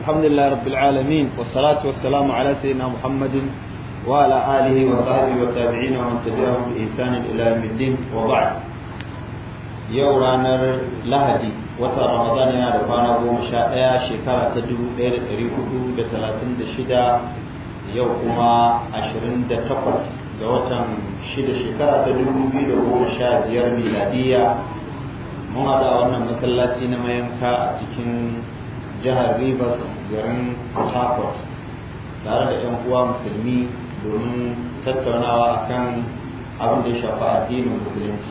الحمد لله رب العالمين والصلاة والسلام على سيدنا محمد وعلى آله وصحبه والتابعين ومن تبعهم بإحسان إلى يوم الدين وبعد yau ranar lahadi watan ramadan yana da kwana goma sha ɗaya shekara ta dubu ɗaya da ɗari hudu da talatin da shida yau kuma ashirin da takwas ga watan shida shekara ta dubu biyu da sha mun haɗu wannan masallaci na mayanka a cikin jihar rivers garin port tare da 'yan uwa musulmi domin tattaunawa akan abin da ya shafi addinin musulunci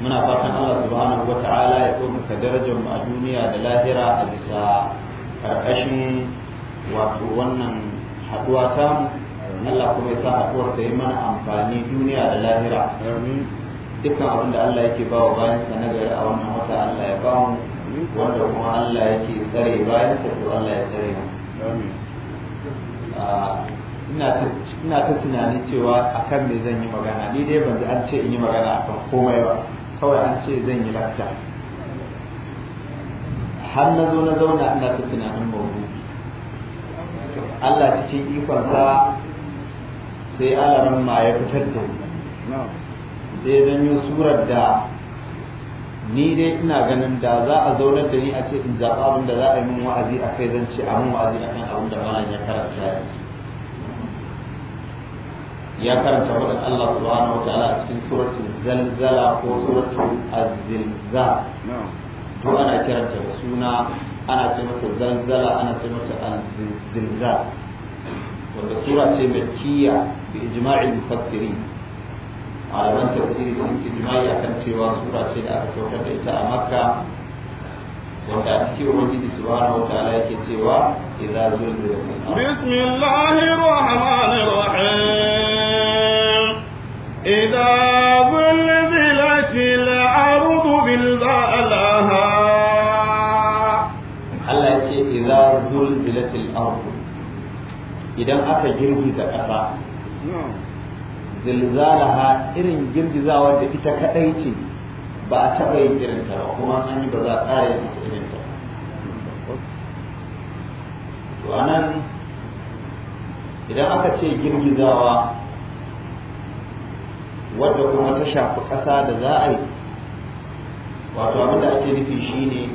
muna fatan allah subhanahu wa ta'ala ya ɗaukaka darajar mu a duniya da lahira a bisa ƙarƙashin wato wannan haɗuwa ta mu allah kuma ya sa haɗuwar ta yi mana amfani duniya da lahira dukkan abin da Allah yake ba wa bayansa na nagari a wannan wata Allah ya ba mu wanda kuma Allah yake tsare bayansa to Allah ya tsare mu ina ta tunani cewa akan me zan yi magana ni dai ban ji an ce in yi magana akan komai ba kawai an ce zan yi lakta har na zo na zauna ina ta tunanin mawudu Allah cikin ikonsa sai alamin ma ya fitar da mu sai zanyo surar da ni dai ina ganin da za a zaunar da ni a ce in zaɓa abin da za a yi min wa'azi a kai zan ce a min wa'azi a kan abin da malam ya karanta yanzu ya karanta faɗin Allah subhanahu wa ta'ala a cikin suratul zalzala ko suratul azilza to ana kiranta da suna ana ce mata zalzala ana ce mata azilza wanda sura ce makkiya bi ijma'il mufassirin malaman tafsiri sun ijma'i akan cewa sura ce da aka saukar da ita a makka wanda a cikin ubangiji subhanahu wa ta'ala yake cewa idza zulzilatil ardh bismillahir rahmanir rahim idza zulzilatil ardh bil zalaha Allah ce idza zulzilatil ardh idan aka girgiza kasa zilzalaha irin girgizawar da ita kadai ce ba a taɓa yin irin ta kuma an yi ba za a ƙara yin ita irin ta to anan idan aka ce girgizawa wadda kuma ta shafi ƙasa da za a yi wato abin da ake nufi shine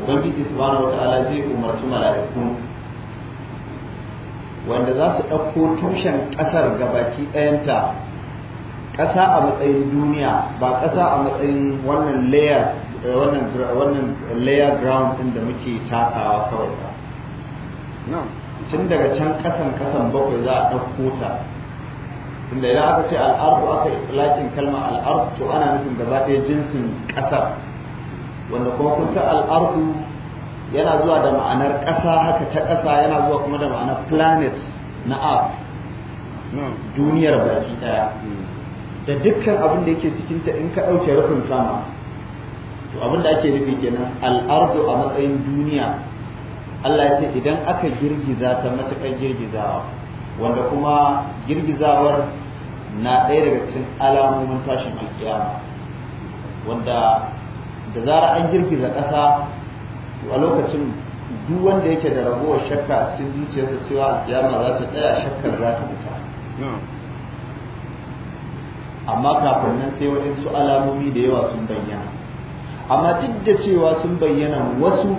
ubangiji subhanahu ta'ala zai umarci mala'iku wanda za su ɗauko tushen ƙasar gabaki ɗayanta ƙasa a matsayin duniya ba ƙasa a matsayin wannan layer eh, wannan layer ground ɗin da muke takawa kawai ba tun daga can ƙasan ƙasan bakwai za a ɗauko ta tunda idan aka ce al'ardu aka lakin kalma al'ardu to ana nufin gaba ɗaya jinsin ƙasar wanda kuma kun san al'ardu yana zuwa da ma'anar ƙasa haka ta ƙasa yana zuwa kuma da ma'anar planet na earth duniyar baki ɗaya da dukkan abin da yake cikinta in ka ɗauke rufin sama to abin da ake nufi kenan al'ardu a matsayin duniya Allah ya ce idan aka girgiza ta matuƙar girgizawa wanda kuma girgizawar na ɗaya daga cikin alamomin tashin alƙiyama wanda da zara an girgiza ƙasa a lokacin duk wanda yake da ragowar shakka a cikin zuciyarsa cewa kiyama za ta tsaya shakkar za ta fita amma kafin nan sai waɗansu alamomi da yawa sun bayyana amma duk da cewa sun bayyana wasu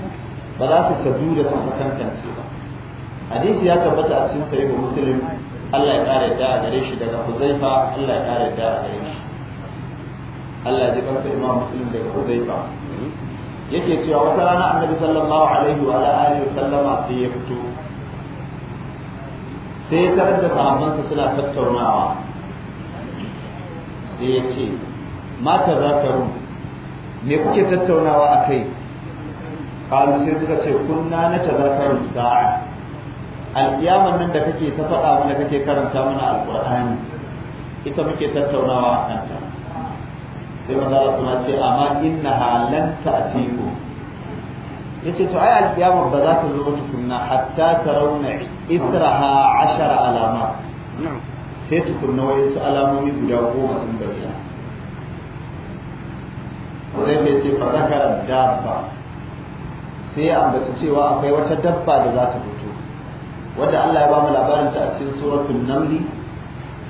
ba za su sadu da su sakankance ba hadisi ya tabbata a cikin sahihu muslim Allah ya kare da a gare shi daga Huzaifa Allah ya kare da a gare shi Allah ya ji kansa Imam Muslim daga Huzaifa yake cewa wata rana annabi sallallahu alaihi wa alihi sallama sai ya fito sai ya da sahabban sa suna tattaunawa sai ya ce mata za ta ru me kuke tattaunawa a kai kalu sai suka ce kunna na ta za ta sa'a alƙiyaman nan da kake ta faɗa mana kake karanta mana alƙur'ani ita muke tattaunawa a kanta sai manzo Allah kuma ce amma innaha lan ta'tiku yace to ai alkiyama ba za ta zo ba tukunna hatta tarawna israha ashara alama sai wai su alamomi guda goma sun bayyana zai ta ce fa zakara dabba sai ambaci cewa akwai wata dabba da za ta fito wanda Allah ya ba mu labarin ta a cikin suratul namli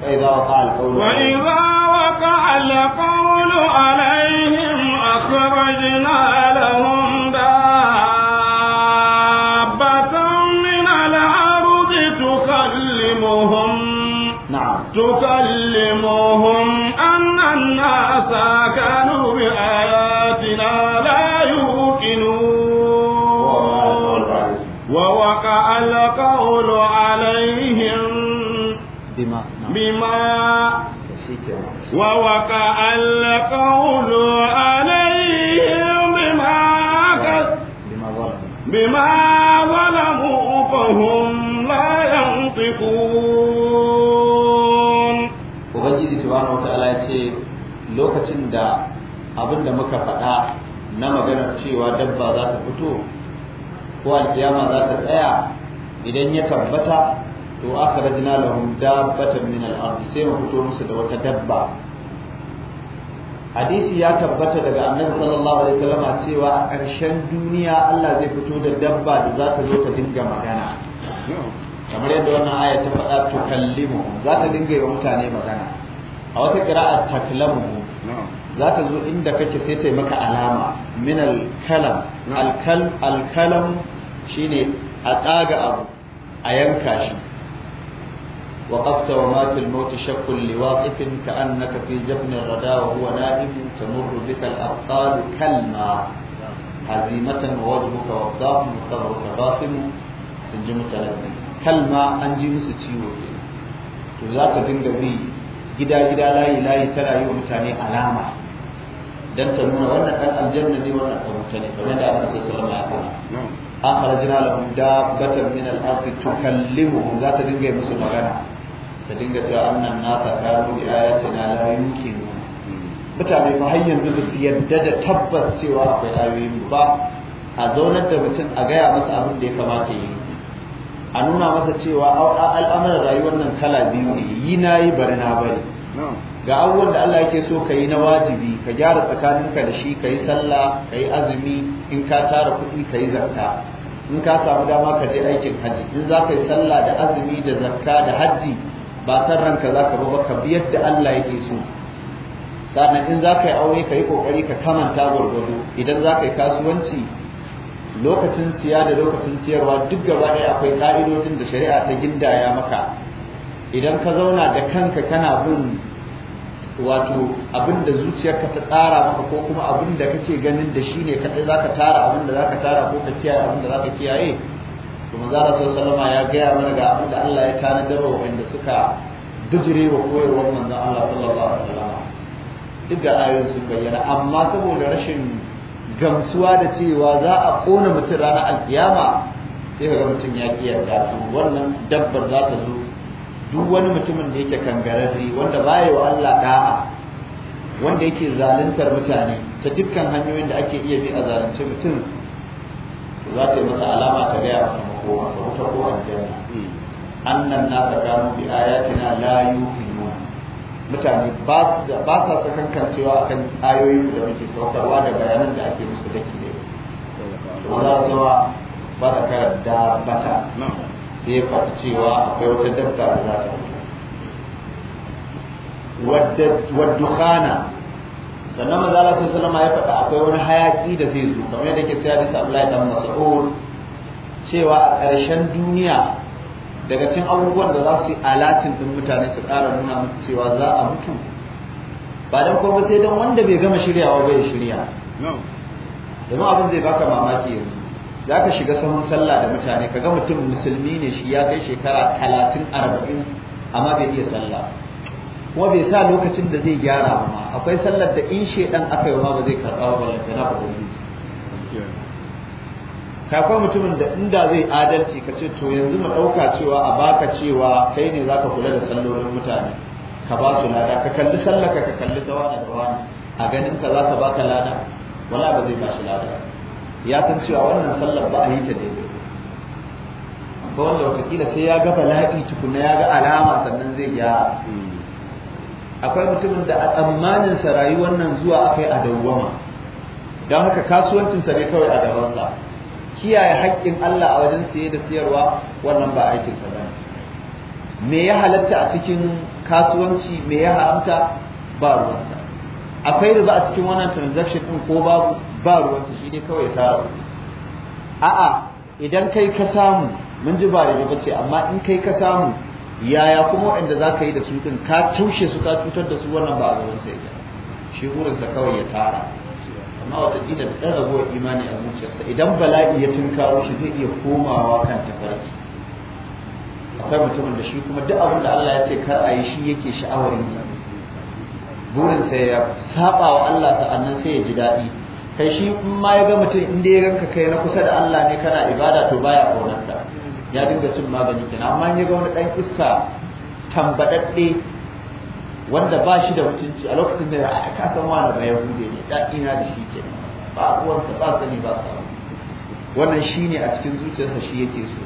fa idza waqa al-qawlu wa ووقع القول عليهم أخرجنا لهم دابة من الأرض تكلمهم نعم تكلمهم أن الناس كانوا بآياتنا لا يوقنون ووقع القول عليهم بما نعم. ووقع القول عليهم بما بما ظلموا فهم لا ينطقون Ubangiji subhanahu wataala ya ce lokacin da abin da muka faɗa na maganar cewa dabba za ta fito ko alkiyama za ta tsaya idan ya tabbata to akhrajna lahum dabbatan min al sai mu fito musu da wata dabba hadisi ya tabbata daga annabi sallallahu alaihi wasallama cewa a ƙarshen duniya Allah zai fito da dabba da za ta zo ta dinga magana kamar yadda wannan aya ta faɗa to kallimu za ta dinga yi mutane magana a wata ta taklamu za ta zo inda kake sai ta yi maka alama min al-kalam al-kalam shine a tsaga abu a yanka shi وقفت وما الموت شك لواقف كأنك في جبن الردى وهو نائم تمر بك الأبطال كالماء هزيمة ووجهك وضاح وقبرك باسم تنجم تلبي كالماء أنجي مسجيو to za ta dinga gida-gida layi-layi tana yi wa mutane alama don ta nuna wannan ɗan aljanna ne wannan ta wuta ne kamar da aka sai salama ya kana an harajina lahum dabbatan min al-ardi tukallimuhum za ta dinga yi musu magana ta dinga cewa annan nasa kanu bi ayatina la yumkinu mutane ba har yanzu ba su yarda da tabbas cewa akwai ayoyin ba a zaunar da mutum a gaya masa abin da ya kamata yi a nuna masa cewa al'amuran rayuwar nan kala biyu ne yi na yi bari na bari ga abubuwan da Allah yake so ka yi na wajibi ka gyara tsakaninka da shi ka yi sallah ka yi azumi in ka tara kuɗi ka yi zakka in ka samu dama ka je aikin hajji in za ka yi sallah da azumi da zakka da hajji ba san ranka za ka ba ka bi yadda Allah yake so sannan in za ka yi aure ka yi kokari ka kamanta gwargwado idan za ka yi kasuwanci lokacin siya da lokacin siyarwa duk gaba ɗaya akwai ƙa'idojin da shari'a ta gindaya maka idan ka zauna da kanka kana bin wato abin da zuciyarka ta tsara maka ko kuma abin da kake ganin da shi ne kaɗai za ka tara abin da za ka tara ko ka kiyaye abin da za ka kiyaye kuma za a Salama ya gaya mana ga abin da Allah ya da wa wanda suka bijire wa koyarwar manzon Allah sallallahu alaihi wasallam duk da ayoyin sun bayyana amma saboda rashin gamsuwa da cewa za a kona mutum rana alkiyama sai ga mutum ya ki yarda wannan dabbar za ta zo duk wani mutumin da yake kangarari wanda baya wa Allah da'a wanda yake zaluntar mutane ta dukkan hanyoyin da ake iya bi a zalunce mutum za ta yi masa alama ta gaya masa koma su wuta ko aljanna annan nasa bi ayatina la yuqinun mutane ba sa ba sa sakankancewa akan ayoyin da muke saukarwa da bayanan da ake musu dake da su wala sawa ba da karar da bata sai faɗi cewa akwai wata dabba da za ta mutu waddukhana sannan maza Allah sallallahu alaihi wasallam ya faɗa akwai wani hayaki da zai zo kamar yadda ke cewa bisa Abdullahi dan Mas'ud cewa a ƙarshen duniya daga cin abubuwan da za su yi alatin ɗin mutane su ƙara nuna musu cewa za a mutu ba don kuma sai don wanda bai gama shiryawa bai shirya domin abin zai baka mamaki yanzu za ka shiga sahun sallah da mutane ka ga mutum musulmi ne shi ya kai shekara talatin arba'in amma bai iya sallah kuma bai sa lokacin da zai gyara ba akwai sallar da in shaidan aka yi ba zai karɓa ba ballanta na ubangiji ka mutumin da inda zai adalci ka ce to yanzu mu ɗauka cewa a baka cewa kai ne zaka kula da sallolin mutane ka ba su lada ka kalli sallaka ka kalli ta da wani a ganin ka zaka baka lada wala ba zai ba shi lada ya san cewa wannan sallar ba a yi ta daidai ba wanda watakila sai ya ga bala'i tukuna ya ga alama sannan zai gyara akwai mutumin da a tsammanin sa rayuwar nan zuwa akai a dawwama don haka kasuwancinsa ne kawai a gabansa kiyaye haƙƙin Allah a wajen siye da siyarwa wannan ba aikin sa bane me ya halatta a cikin kasuwanci me ya haramta ba ruwansa akwai riba a cikin wannan transaction din ko babu ba ruwansa shi ne kawai ta a'a idan kai ka samu mun ji ba riba ce amma in kai ka samu yaya kuma waɗanda za ka yi da su din ka taushe su ka cutar da su wannan ba a gaban sa yake shi wurinsa kawai ya tara amma wataƙila da ɗan ragowar imani a zuciyarsa idan bala'i ya tunkaro shi zai iya komawa kan tafarki akwai mutumin da shi kuma duk abin da Allah ya ce kar a yi shi yake sha'awar yi burinsa ya saba wa Allah sa'annan sai ya ji daɗi kai shi in ma ya ga mutum in dai ya ganka kai na kusa da Allah ne kana ibada to baya ƙaunarka ya dinga cin magani kenan amma in ya ga wani ɗan iska tambaɗaɗɗe wanda ba shi da mutunci a lokacin da ya ka san wani ba yahudi ne daɗi na da shi ke. ba uwansa ba sani ba sa wannan shi ne a cikin zuciyarsa shi yake so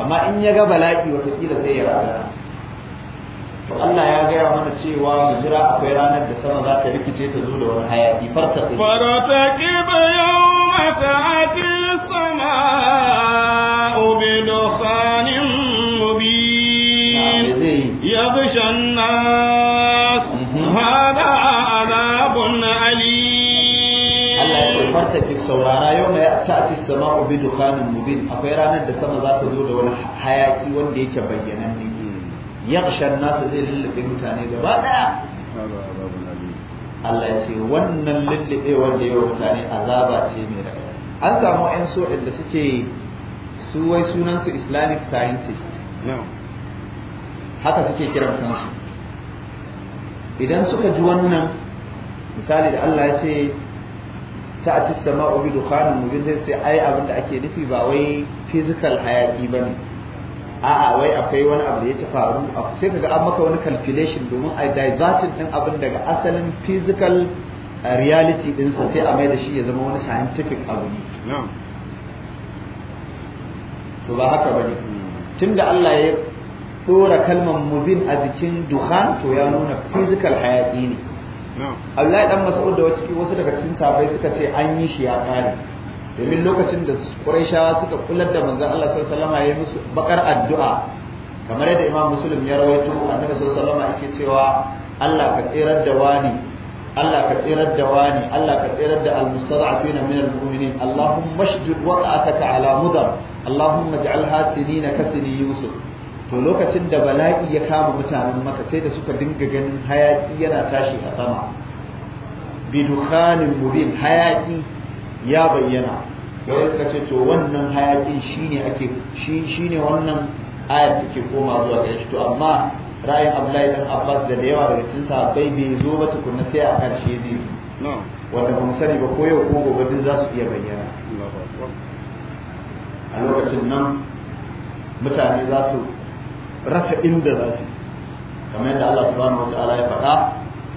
amma in ya ga bala'i watakila zai ya to Allah ya gaya mana cewa mu jira akwai ranar da sama za ta rikice ta zo da wani hayaki farta farta kiba yawma ta'ati sama'u bi dukhanin mubin nan. saurara yau mai ta'ati sama'u bi dukanin mubin akwai ranar da sama za ta zo da wani hayaki wanda yake bayyananne yaghshan nasa zai lullube mutane gaba daya Allah ya ce wannan lullube wanda yawa mutane azaba ce mai raɗaɗi an samu ƴan so da suke su wai sunansu Islamic scientist haka suke kiran kansu idan suka ji wannan misali da Allah ya ce ta'ati sama'u bi dukhanin mubin zai sai ai abin da ake nufi ba wai physical hayaki bane a'a wai akwai wani abu da ya faru sai kaga an maka wani calculation domin a divertin din abin daga asalin physical uh, reality dinsa sai a mai da shi ya zama wani scientific abu ne to ba haka bane tunda Allah ya dora kalmar mubin a jikin duhan to ya nuna physical hayaki ne Abdullahi dan Mas'ud da wasu daga cikin sahabbai suka ce an yi shi ya kare domin lokacin da Qurayshawa suka kular da manzon Allah sallallahu alaihi wasallam ya yi musu bakar addu'a kamar yadda Imam Muslim ya rawaito Annabi sallallahu alaihi wasallam yake cewa Allah ka tsirar da wani Allah ka tsirar da wani Allah ka tsirar da al-mustada'afina min al-mu'minin Allahumma shdid wata'ataka ala mudar Allahumma ij'alha sinina ka Yusuf to lokacin da bala'i ya kama mutanen maka sai da suka dinga ganin hayaki yana tashi a sama bidukhanin mubin hayaki ya bayyana sai suka ce to wannan hayakin shine ake shi shine wannan ayar take koma zuwa ga shi to amma ra'ayin Abdullahi dan Abbas da da yawa daga cikin sahabbai bai zo ba tukunna sai a karshe zai zo wanda ba sani ba ko yau ko gobe duk za su iya bayyana a lokacin nan mutane za su rasa inda za su kamar yadda Allah subhanahu wataala ya faɗa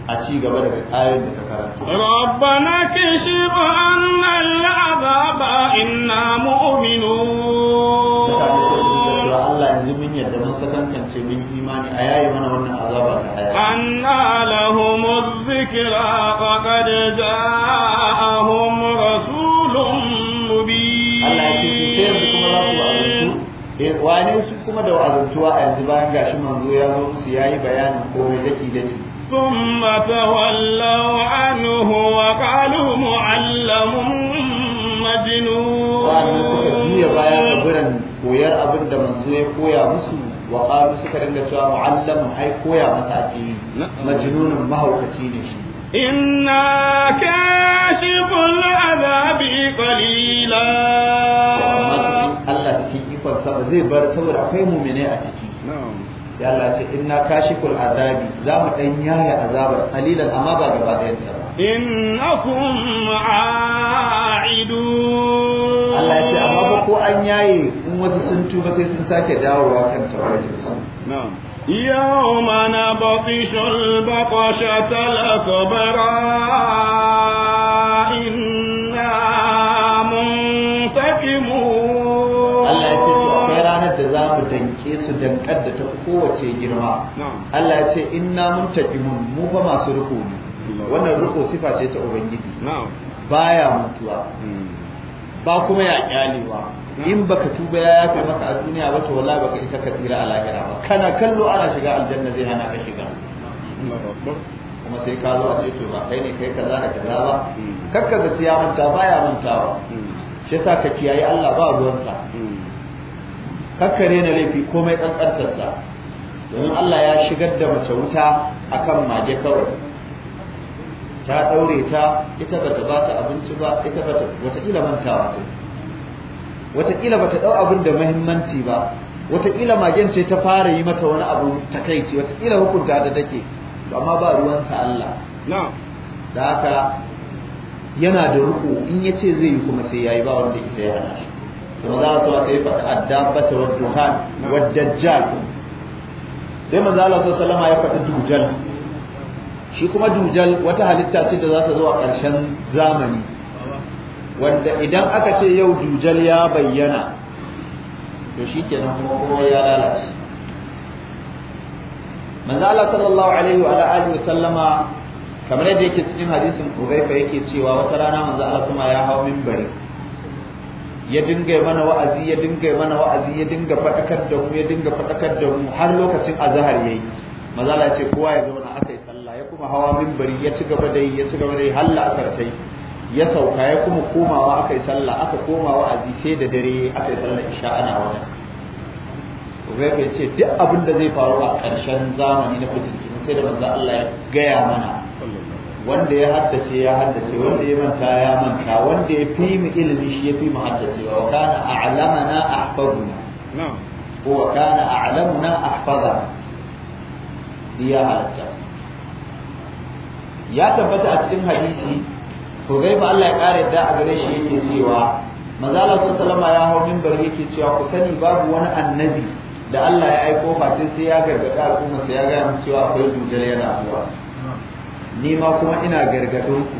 a ci gaba daga ayoyin da ka karanta rabbana kashif anna al'azaba inna mu'minun Allah yanzu mun yadda mun sakankance mun imani a yayi mana wannan azaba ta aya anna lahumuz zikra kuma da wa'azantuwa a yanzu bayan gashi manzo ya zo musu yayi bayanin komai daki daki ثم تولوا عنه وقالوا معلم مجنون وأنا suka juya baya ga biran koyar abin da manzo ya koya musu wa qalu suka dinga cewa muallim ai koya masa ake majnunun mahaukaci ne shi inna kashiful azabi qalila Allah siffar ba zai bar saboda akwai mumine a ciki ya Allah ce inna kashiful azabi za mu dan yaya azabar qalilan amma ba gaba da yanta ba innakum a'idun Allah ya ce amma ba ko an yaye in wasu sun tuba sai sun sake dawowa kan tawajin su na'am يوم نبطش البطشة الكبرى riƙe su dankar da ta kowace girma Allah ya ce in inna mun mu fa masu riko ne wannan riko sifa ce ta ubangiji baya mutuwa ba kuma ya kyalewa in baka tuba ya yafe maka a duniya ba to wallahi baka isa ka tsira a lahira ba kana kallo ana shiga aljanna zai hana ka shiga kuma sai ka zo a ce to ba kai ne kai kaza da kaza ba kakka zaci ya manta baya mantawa shi yasa ka kiyaye Allah ba ruwansa kakkare na laifi komai kankantarsa domin Allah ya shigar da mace wuta akan mage kawai ta daure ta ita bata ba ta abinci ba ita bata wataƙila mantawa ta wataƙila bata dau abin da muhimmanci ba wataƙila magen ce ta fara yi mata wani abu takaici wataƙila hukunta da take amma ba ruwansa Allah da haka yana da ruku in ya ce zai yi kuma sai yayi yi ba wanda ita ya hana shi manzo Allah sai faɗa addabata wa duhan wa dajjal sai manzo Allah sallallahu ya faɗi dujal shi kuma dujal wata halitta ce da za ta zo a ƙarshen zamani wanda idan aka ce yau dujal ya bayyana to shikenan kuma kuma ya lalace manzo Allah sallallahu alaihi wa alihi wa sallama kamar yadda yake cikin hadisin Hudayfa yake cewa wata rana manzo Allah sama ya hawo minbari ya dinga mana wa'azi ya dinga mana wa'azi ya dinga fadakar da mu ya dinga fadakar da mu har lokacin azhar yayi mazala ya ce kowa ya zauna aka yi sallah ya kuma hawa minbari ya ci gaba da yi ya ci gaba da yi har la'asar tai ya sauka ya kuma komawa aka yi sallah aka koma wa'azi sai da dare aka yi sallah isha ana wajen Ubayba ya ce duk abin da zai faru a ƙarshen zamani na fitin sai da manzo Allah ya gaya mana wanda ya haddace ya haddace wanda ya manta ya manta wanda ya fi mu ilimi shi ya fi mu haddace wa kana a'lamana ahfazuna ko wa kana a'lamuna ahfazana ya halatta ya tabbata a cikin hadisi to gai ba Allah ya kare da a gare shi yake cewa manzo Allah sallama ya hau minbar yake cewa ku sani babu wani annabi da Allah ya aiko face sai ya gargada al'umma sai ya ga cewa akwai dujal yana zuwa ni ma kuma ina gargadon ku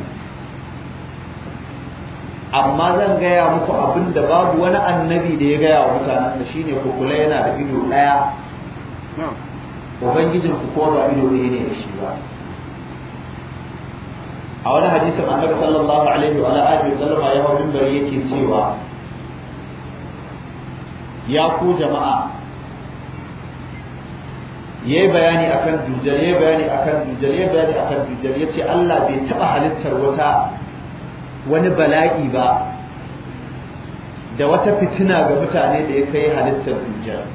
amma zan gaya muku abin da babu wani annabi da ya gaya wa mutanen da shine ku kula yana da ido ɗaya ubangijin ku ko ba ido ɗaya ne da shi ba a wani hadisin annabi sallallahu alaihi wa alihi sallama ya hau minbari yake cewa ya ku jama'a yayi bayani akan dujal yayi bayani akan dujal yayi bayani akan dujal yace Allah bai taba halittar wata wani bala'i ba da wata fitina ga mutane da ya kai halittar dujal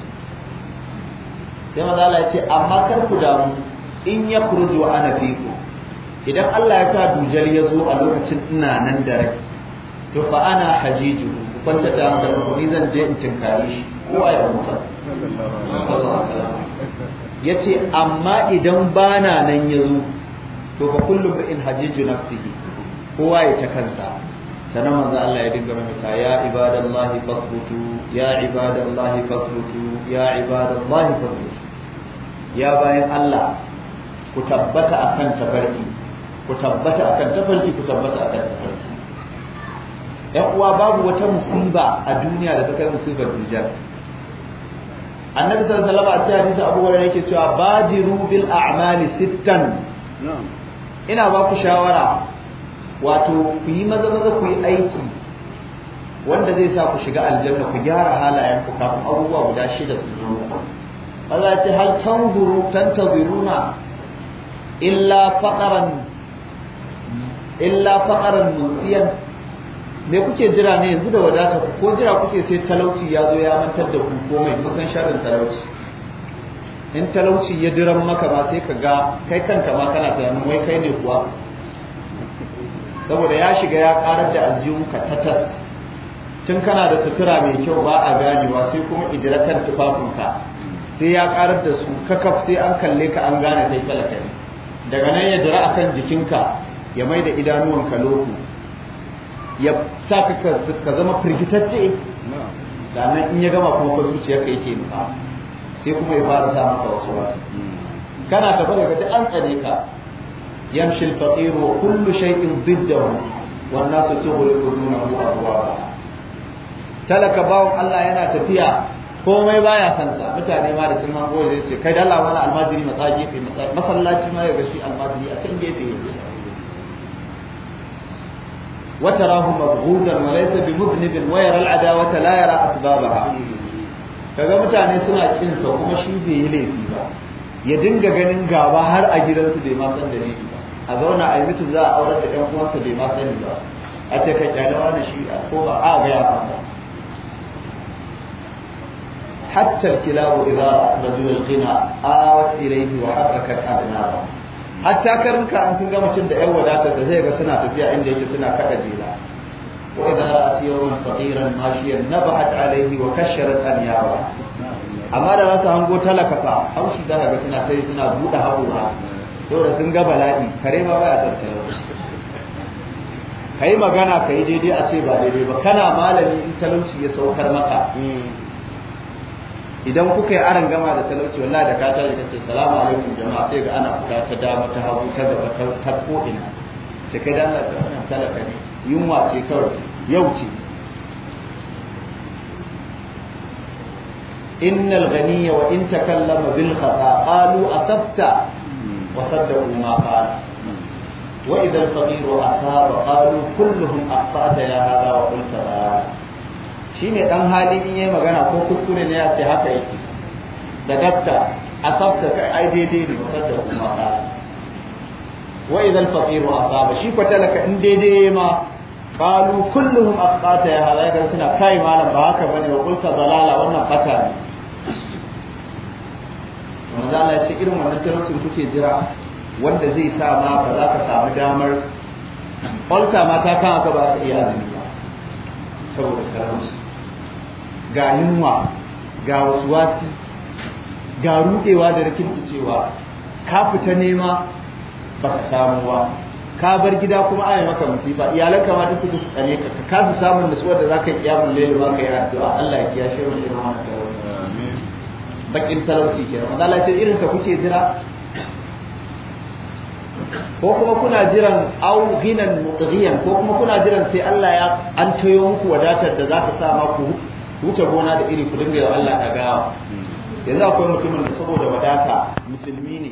sai manzo Allah yace amma kar ku damu in ya kurdu ana fiku idan Allah ya sa dujal ya zo a lokacin ina nan da rai to fa ana hajiju ku kwanta da ni zan je in tinkare shi ko a sallallahu alaihi wasallam Ya ce, amma idan bana nan ya zo, to ba kullu in hajiju na kowa ya ta kansa sanan manzo Allah ya dinga mata ya ibadallahi fasbutu ya ibadallahi fasbutu ya ibadallahi fasbutu ya bayan Allah ku tabbata akan tafarki ku tabbata akan tafarki ku tabbata akan tafarki Ƴan uwa babu wata musiba a duniya da ta kai musibar dujar annabi sallallahu alaihi wasallam a cikin hadisi Abu Hurairah yake cewa badiru bil a'mali sittan ina ba ku shawara wato ku yi maza maza ku yi aiki wanda zai sa ku shiga aljanna ku gyara halayen ku kafin abubuwa guda shida su zo Allah ya ce hal tanzuru tantaziruna illa faqaran illa faqaran musiyan me kuke jira ne yanzu da wadata ku ko jira kuke sai talauci ya zo ya mantar da ku komai kusan sharrin talauci in talauci ya diran maka ba sai ka ga kai kanka ma kana tunanin wai kai ne kuwa saboda ya shiga ya karar da aljihunka tatas tun kana da sutura mai kyau ba a ganewa sai kuma kan tufafinka sai ya karar da su kakaf sai an kalle ka an gane kai kala kai. daga nan ya dira akan jikinka ya mai da idanuwanka loku ya sa ka ka zama firgitacce sannan in ya gama kuma ka zuciyarka yake nufa sai kuma ya fara sa maka wasu wasu kana tafi daga ta an tsare ka yamshi al-faqir wa kullu shay'in diddahu wan nasu tughliqu dunahu abwaba talaka bawon Allah yana tafiya komai baya san sa mutane ma da sun hango zai ce kai da Allah wani almajiri matsaji masallaci ma ya gashi almajiri a can gefe وتراه مبغوضا وليس بمذنب ويرى العداوة لا يرى أسبابها kaga mutane suna cin sa kuma shi bai yi laifi ba ya dinga ganin gaba har a gidansu bai ma san dalili ba a zauna a mutu za a aurar da ɗan uwansa bai ma sani ba a ce ka kyalawa da shi a ko ba a ga ya fasa hatta kilabu idza rajul al-ghina awat ilayhi wa harakat adnaha hatta karuka an sun gama cin da yan wadata da zai ga suna tafiya inda yake suna kada jela wa idza ra'at yawman faqiran mashiyan nabat alayhi wa an yara amma da za su hango talaka fa haushi da ga suna sai suna buɗe haƙura saboda sun ga bala'i kare ma baya tattara kai magana kai daidai a ce ba daidai ba kana malami in talauci ya saukar maka hmm. idan kuka yi aran gama da talauci wallahi da kata da kace salamu alaikum jama'a sai ga ana fita ta dama ta hagu ta gaba ta ta ko ina sai kai dan Allah ta talaka ne yunwa ce kawai yau ce innal ghaniya wa in takallama bil khata qalu asabta wa saddaqu ma qala wa idha al faqir asaba qalu kulluhum ya hada wa qulta shi ne ɗan hali in yi magana ko kuskure ne ya ce haka yake da dafta a sabta kai ai daidai ne da kuma ta wa idan faqiru asaba shi ko talaka in daidai ma Kalu kulluhum asqata ya halaka suna kai malam ba haka bane wa kulta Zalala wannan fata ne manzo Allah ya ce irin wannan talaucin kuke jira wanda zai sa ma ba za ka samu damar kwalta ma ta kan aka ba su iya azumi ba saboda karamsu ga yunwa ga wasu wasi, ga rudewa da cewa ka fita nema ka samu ba ka bar gida kuma ana maka musiba iyalanka ma duk su tsane ka ka kasa samun nutsuwar da zaka yi kiyamul layl ba ka yi addu'a Allah ya kiyashe mu da mana da amin bakin talauci kenan manzo Allah ya ce irin sa kuke jira ko kuma kuna jiran au ghinan mutghiyan ko kuma kuna jiran sai Allah ya an tayo muku wadatar da za ta sa maku wuce gona da iri ku dinga yawa Allah ta gawa yanzu akwai mutumin da saboda wadata musulmi ne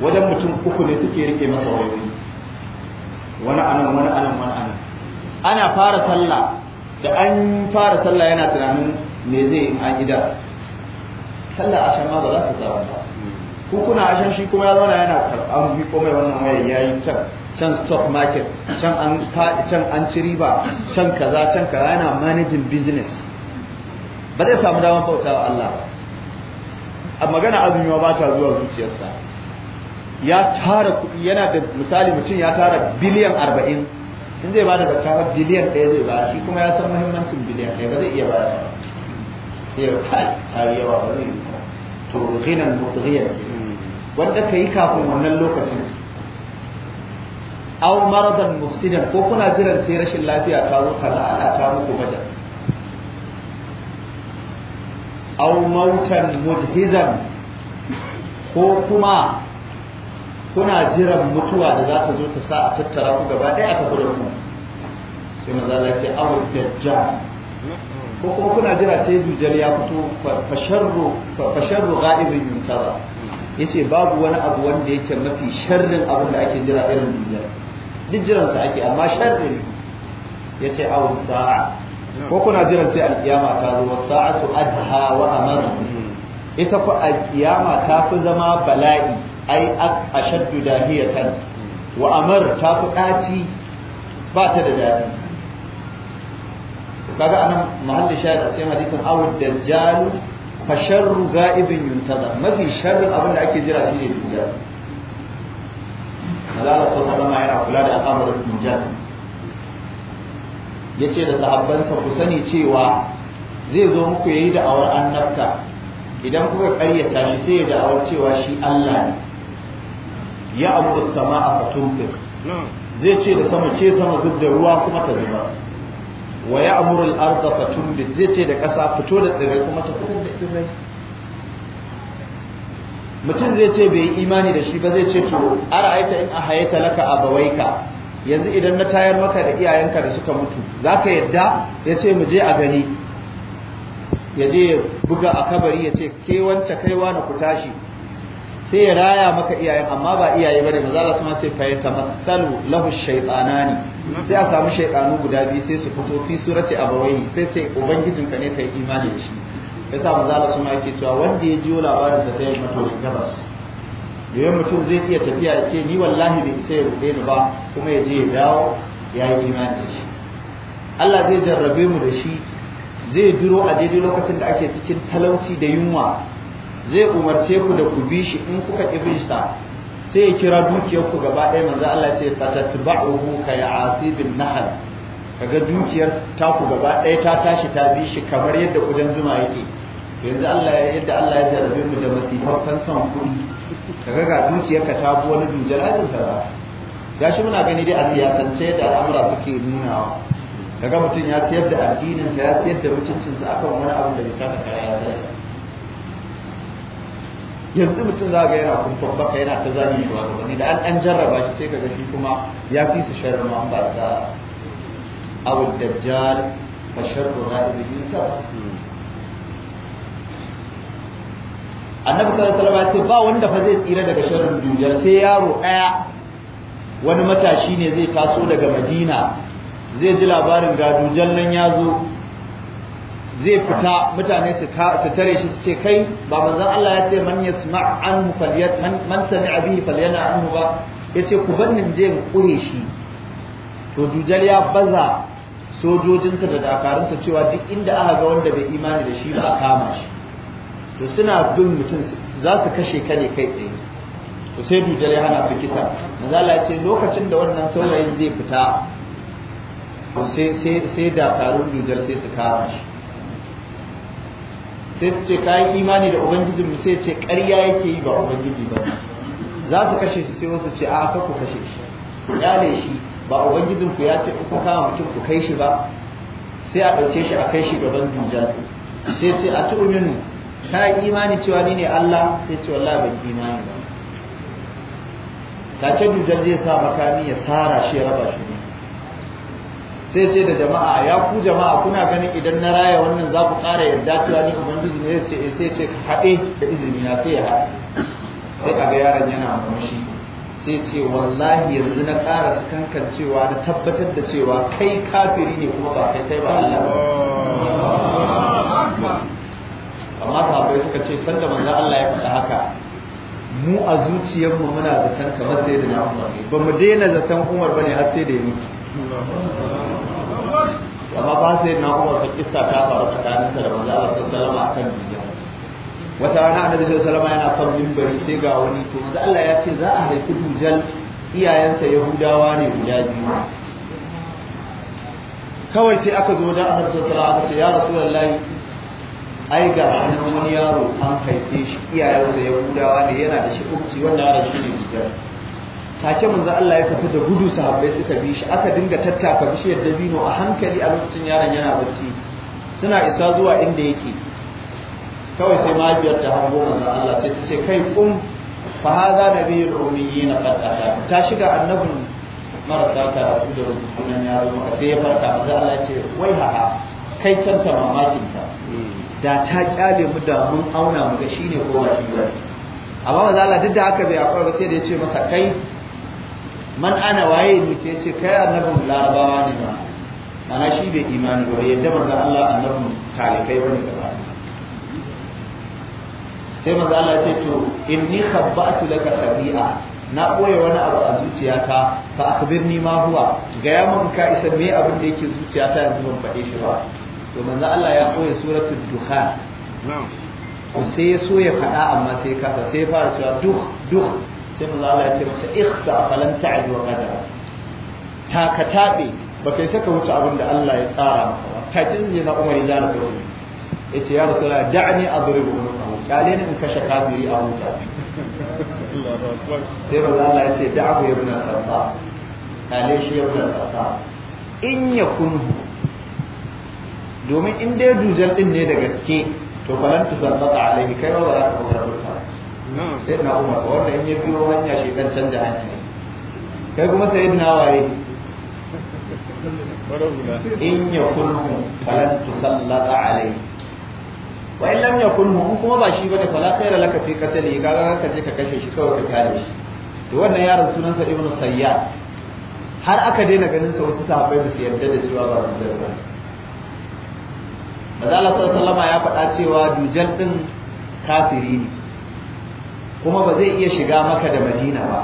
wajen mutum uku ne suke rike masa wani wani anan wani anan wani anan ana fara sallah da an fara sallah yana tunanin me zai an gida sallah ashan ma ba za su tsara ba ko kuna ashan shi kuma ya zauna yana karɓan bi ko mai wannan ya yi can can stock market can an can an ci riba can kaza can kaza yana managing business ba zai samu damar wa Allah a magana azumi ma ba ta zuwa zuciyarsa ya tara kuɗi yana da misali mutum ya tara biliyan arba'in in zai bada zakka biliyan ɗaya zai ba shi kuma ya san muhimmancin biliyan ɗaya ba zai iya ya ta yawa ba zai to ghinan mutghiyan wanda yi kafin wannan lokacin A'u maradan mufsidan ko kuna jiran sai rashin lafiya ta zo ta la'ala ta muku majal aw mautan mudhizan ko kuma kuna jiran mutuwa da za ta zo ta sa a tattara ku gaba ɗaya a tafi da ku sai maza Allah ce aw dajjal ko kuma kuna jira sai dujjal ya fito fa sharru fa sharru ghaibin yuntara yace babu wani abu wanda yake mafi sharrin abu da ake jira irin dujjal duk jiransa ake amma sharrin ce aw da'a ko kuna jiran sai alkiyama ta zo wasa'atu adha wa amar hmm. ita fa alkiyama ta fi zama bala'i ai ashaddu dahiyatan hmm. wa amar ta fi ɗaci ba ta da daɗi kaga anan mahallin shahid a cikin hadisin awud dajjal fa sharru ga'ibin yuntaza mafi sharrin abin da ake jira shine dajjal Allah sallallahu alaihi wasallam yana kula da al'amuran dajjal ya ce da sahabbansa ku sani cewa zai zo muku ya yi da'awar annabta idan kuka karyata shi sai ya da'awar cewa shi Allah ne ya abu sama a fatumfir zai ce da sama ce sama zub da ruwa kuma ta zuba wa ya amuru al'arda fatumbit zai ce da ƙasa fito da tsirrai kuma ta fitar da tsirrai mutum zai ce bai yi imani da shi ba zai ce to ara'aita in ahayata laka abawaika yanzu idan na tayar maka da iyayenka da suka mutu za ka yadda ya ce mu je a gani ya je buga a kabari ya ce ke kai kaiwa na ku tashi sai ya raya maka iyayen amma ba iyaye bane maza su ma ce fa ya tamassalu lahu shaytanani sai a samu shaytanu guda biyu sai su fito fi surati abawai sai ce ka ne kai imani da shi yasa maza Allah suma yake cewa wanda ya jiyo labarin da ta yi mato gabas da domin mutum zai iya tafiya ya ce ni wallahi bai isa ya ruɗe ni ba kuma ya je ya dawo ya yi imani da shi Allah zai jarrabe mu da shi zai duro a daidai lokacin da ake cikin talauci da yunwa zai umarce ku da ku bi shi in kuka ƙi bin sa sai ya kira dukiyar ku gaba ɗaya manzo Allah ce fatatba'uhu ka asibin nahal kaga dukiyar ta ku gaba ɗaya ta tashi ta bi shi kamar yadda kudan zuma yake yanzu Allah yadda Allah ya jarrabe mu da masifafan son kuɗi kaga ga dukiyar ta bi wani dujal ajin sara ya shi muna gani dai a siyasance da al'amura suke nunawa kaga mutum ya siyar da addininsa ya siyar da mutuncinsa akan wani abin da bai kada kaya ya zai yanzu mutum za ga yana kumfan ka yana ta zagi wani da an dan jarraba shi sai kaga shi kuma ya fi su sharri ma ba ta awul dajjal fa sharru ra'ibihi ta annabi sallallahu alaihi wasallam ya ce ba wanda fa zai tsira daga sharrin duniya sai yaro daya wani matashi ne zai taso daga madina zai ji labarin ga dujal nan ya zo zai fita mutane su tare shi su ce kai ba manzon Allah ya ce man yasma' an falyat man sami'a bihi falyana anhu ba yace ku bannin je mu kure shi to dujal ya baza sojojinsa da dakarunsa cewa duk inda aka ga wanda bai imani da shi ba kama shi to suna bin mutum za su kashe ka ne kai tsaye to sai dujal ya hana su kisa manzala ya ce lokacin da wannan saurayin zai fita to sai sai faru dakarun dujal sai su kama shi sai su ce kayan imani da ubangiji mu sai ce ƙarya yake yi ba ubangiji ba za su kashe su sai wasu ce a ka ku kashe shi kyale shi ba ubangijin ku ya ce ku kama mutum ku kai shi ba sai a ɗauke shi a kai shi gaban dujal sai ce a tu'minu ka yi imani cewa ni ne Allah sai ce wallahi ban imani ba ka ce dujal zai sa makami ya sara shi ya raba shi ne sai ce da jama'a ya ku jama'a kuna ganin idan na raya wannan za ku ƙara yarda cewa ni ubangiji ne sai ce eh, sai ce haɗe da izini na sai ya haɗe sai ga yaron yana murmushi sai ce wallahi yanzu na ƙara su kankancewa da tabbatar da cewa kai kafiri ne kuma ba kai kai ba Allah ba amma sahabbai suka ce sanda manzo Allah ya faɗa haka mu a zuciyarmu muna zaton kamar sai da na Umar ba mu daina zaton Umar bane har sai da ya mutu amma ba sai na Umar ta kissa ta faru tsakanin sa da manzo Allah sallallahu alaihi wasallam akan duniya wata rana annabi sallallahu alaihi wasallam yana kan minbari sai ga wani to manzo Allah ya ce za a haifi dujal iyayensa Yahudawa ne guda biyu kawai sai aka zo da annabi sallallahu alaihi wasallam aka ce ya rasulullahi ai ga shi wani yaro an haife shi iyayen da gudawa ne yana da shi kurci wanda yaron shi ne gidan take manzo Allah ya fito da gudu sahabbai suka bi shi aka dinga tattaka bishiyar dabino a hankali a lokacin yaron yana bacci suna isa zuwa inda yake kawai sai mahaifiyar ta hango manzo Allah sai ta ce kai kun fa hadha nabiyul ummiyina qad ata ta shiga annabin marasa karatu da rubutu yaro ya sai ya farka manzo Allah ya ce wai haha kai canta mamakin da ta kyale mu da mun auna mu ga shine ko ba shi ba amma manzo Allah duk da haka bai akwai ba sai da yace masa kai man ana waye ni sai yace kai annabin larabawa ne ba ana shi bai imani ba yadda manzo Allah annabin talikai bane ba sai manzo Allah ya ce to inni khabba'tu laka khabi'a na ɓoye wani abu a zuciyata fa akhbirni ma huwa ga ya mun ka isa me abin da yake zuciyata yanzu ban faɗe shi ba to manzo Allah ya koya suratul dukhan to sai ya so ya faɗa amma sai ka ba sai fara cewa duk duk sai manzo Allah ya ce masa ikhta falan ta'd wa qadara ta ka tabe ba kai saka wuce abin da Allah ya tsara ba ta ji zai na Umar ya na kawai yace ya rasulullah da'ni adribu unuqahu kale ne in kashe kafiri a wuta sai manzo Allah ya ce da'ahu ya ibn Safa kale shi ya ibn Safa in yakun domin in dai dujal din ne da gaske to falan tu sallata alaihi kai ba za ka da burka sai na umar wanda in ya biyo hanya shi dan canja hanya kai kuma sai na waye in ya kulhu falan tu sallata alaihi wa in lam yakunhu in kuma ba shi bane fala khaira laka fi qatli kaga ka je ka kashe shi kawai ka kare shi to wannan yaron sunansa ibnu sayyad har aka daina ganin sa wasu sahabbai su yarda da cewa ba da ba maza Allah sallama ya faɗa cewa dujal ɗin kafiri ne kuma ba zai iya shiga maka da Madina ba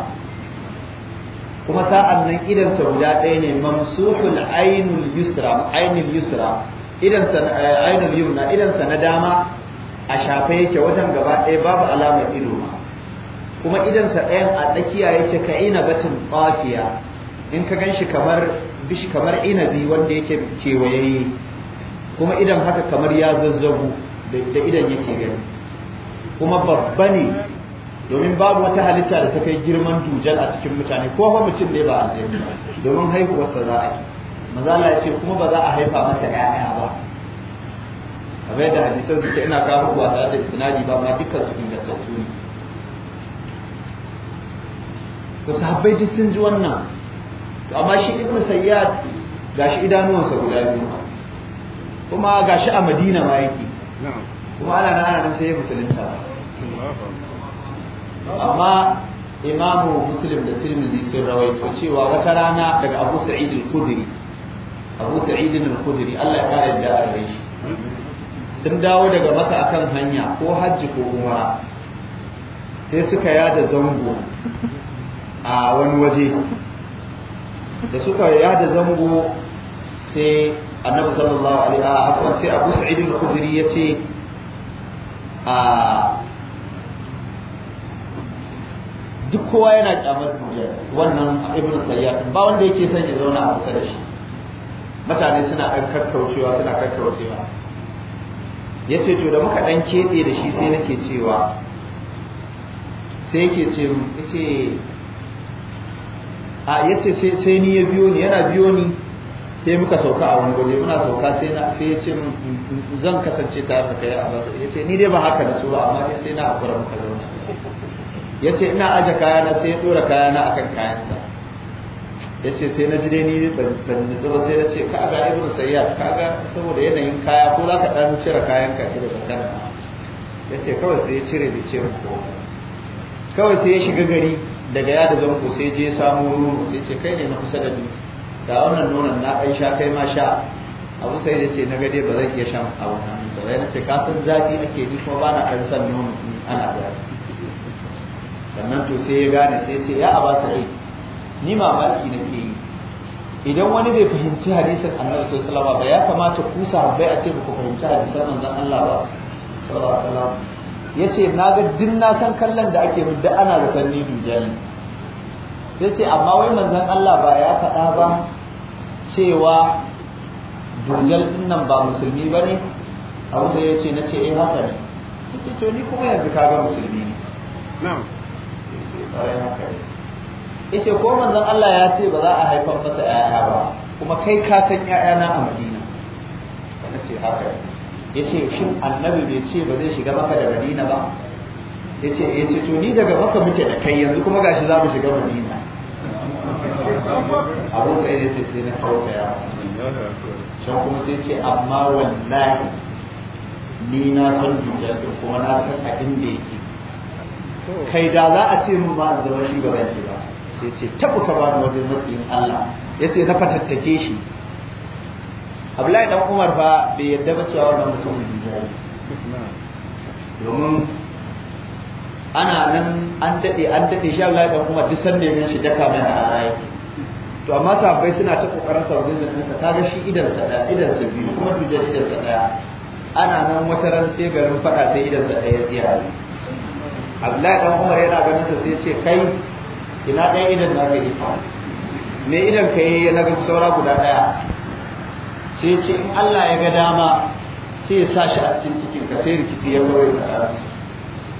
kuma sa'an nan idansa guda ɗaya ne mamsuhul ainul yusra ainul yusra idansa eh, ainul yumna idansa na dama a shafe yake wajen gaba ɗaya babu alamar ido ma kuma idansa ɗayan a tsakiya yake ka ina batin tsafiya in ka gan shi kamar kamar inabi wanda yake kewaye kuma idan haka kamar ya zazzagu da idan yake gani kuma babba ne domin babu wata halitta da ta kai girman dujal a cikin mutane ko fa mutum ne ba aljanna domin haihuwarsa za a yi maza Allah ya ce kuma ba za a haifa masa 'ya'ya ba A bai da hadisan suke ina kawo muku ba tare da isnadi ba ma dukkan su ingantattu ne to sahabbai duk sun ji wannan to amma shi ibnu sayyad gashi idanuwansa guda biyu kuma ga shi a madina ma yake kuma ana nan ana nan sai musulunta amma imamu muslim da tirmidhi sun rawaito cewa wata rana daga abu sa'id al abu sa'id al Allah ya kare da a shi sun dawo daga maka akan hanya ko hajji ko umara sai suka yada zango a wani waje da suka yada zango sai annabi sallallahu alaihi wa sallam sai abu sa'id al-khudri yace a duk kowa yana kyamar dujjal wannan ibnu sayyad ba wanda yake son ya zauna a kusa da shi mutane suna ɗan kakkaucewa suna kakkaucewa ya ce to da muka ɗan keɓe da shi sai nake cewa sai yake ce yace a ya ce sai ni ya biyo ni yana biyo ni sai muka sauka a wani gwaje muna sauka sai na sai ya ce zan kasance tare da kai a basa Yace ni dai ba haka da su ba amma sai na akura muka zauna Yace ina aje kayana sai ya dora kayana akan kayansa ya ce sai na ji dai ni ban nutsu ba sai na ce ka ga ibn sayyad ka ga saboda yanayin kaya ko za ka dan cire kayan ka daga da ya Yace kawai sai ya cire da ce ko kawai sai ya shiga gari daga ya da zanko sai je samu sai ce kai ne na kusa da ni da wannan nonon na aisha sha kai ma sha abu sai da ce na gade ba zai iya shan abu na nisa sai yana ce ka san zafi ake ni kuma ba na ɗan san nono ana da sannan to sai ya gane sai ce ya aba sa'i ni mamaki na ke yi idan wani bai fahimci hadisin annabi sallallahu alaihi ba ya kamata ku sa sahabbai a ce ba ku fahimci hadisin manzon Allah ba sallallahu alaihi wasallam yace na ga din na san kallon da ake mudda da ana da sanni dujani sai ce amma wai manzon Allah ba ya faɗa ba cewa dujal dinnan ba musulmi ba ne a wasu ya ce na ce eh haka ne su ce to ni kuma yanzu ka ga musulmi ne ya ce ko manzon Allah ya ce ba za a haifar masa 'ya'ya ba kuma kai ka san 'ya'yana a Madina na ce haka ne. ya ce shin annabi bai ce ba zai shiga maka da Madina ba ya ce eh, to ni daga maka muke da kai yanzu kuma gashi za mu shiga Madina abu ne da sai na tausaya can kuma sai ce amma wallahi ni na san dukiyar kuma na san abin da yake kai da za a ce mun ba da wani gaba ke ba sai ce tabu ka ba wajen matsayin Allah Ya ce na fatattake shi Abdullahi dan Umar fa bai yadda ba cewa wannan mutum ne domin ana nan an dade an dade shi Allah dan Umar duk san ne shi daka mana a rayu to amma sahabbai suna ta kokarin salvation ɗinsa ga shi idan sa ɗaya idan sa biyu kuma dujan idan sa ɗaya ana nan wata ran sai garin faɗa sai idan sa ɗaya tsiya Abdullahi dan Umar yana ganin sa sai ce kai ina ɗaya idan na ga ifa me idan kai ya naga saura guda ɗaya sai ce in Allah ya ga dama sai ya sa shi a cikin cikin ka sai rikici ya bari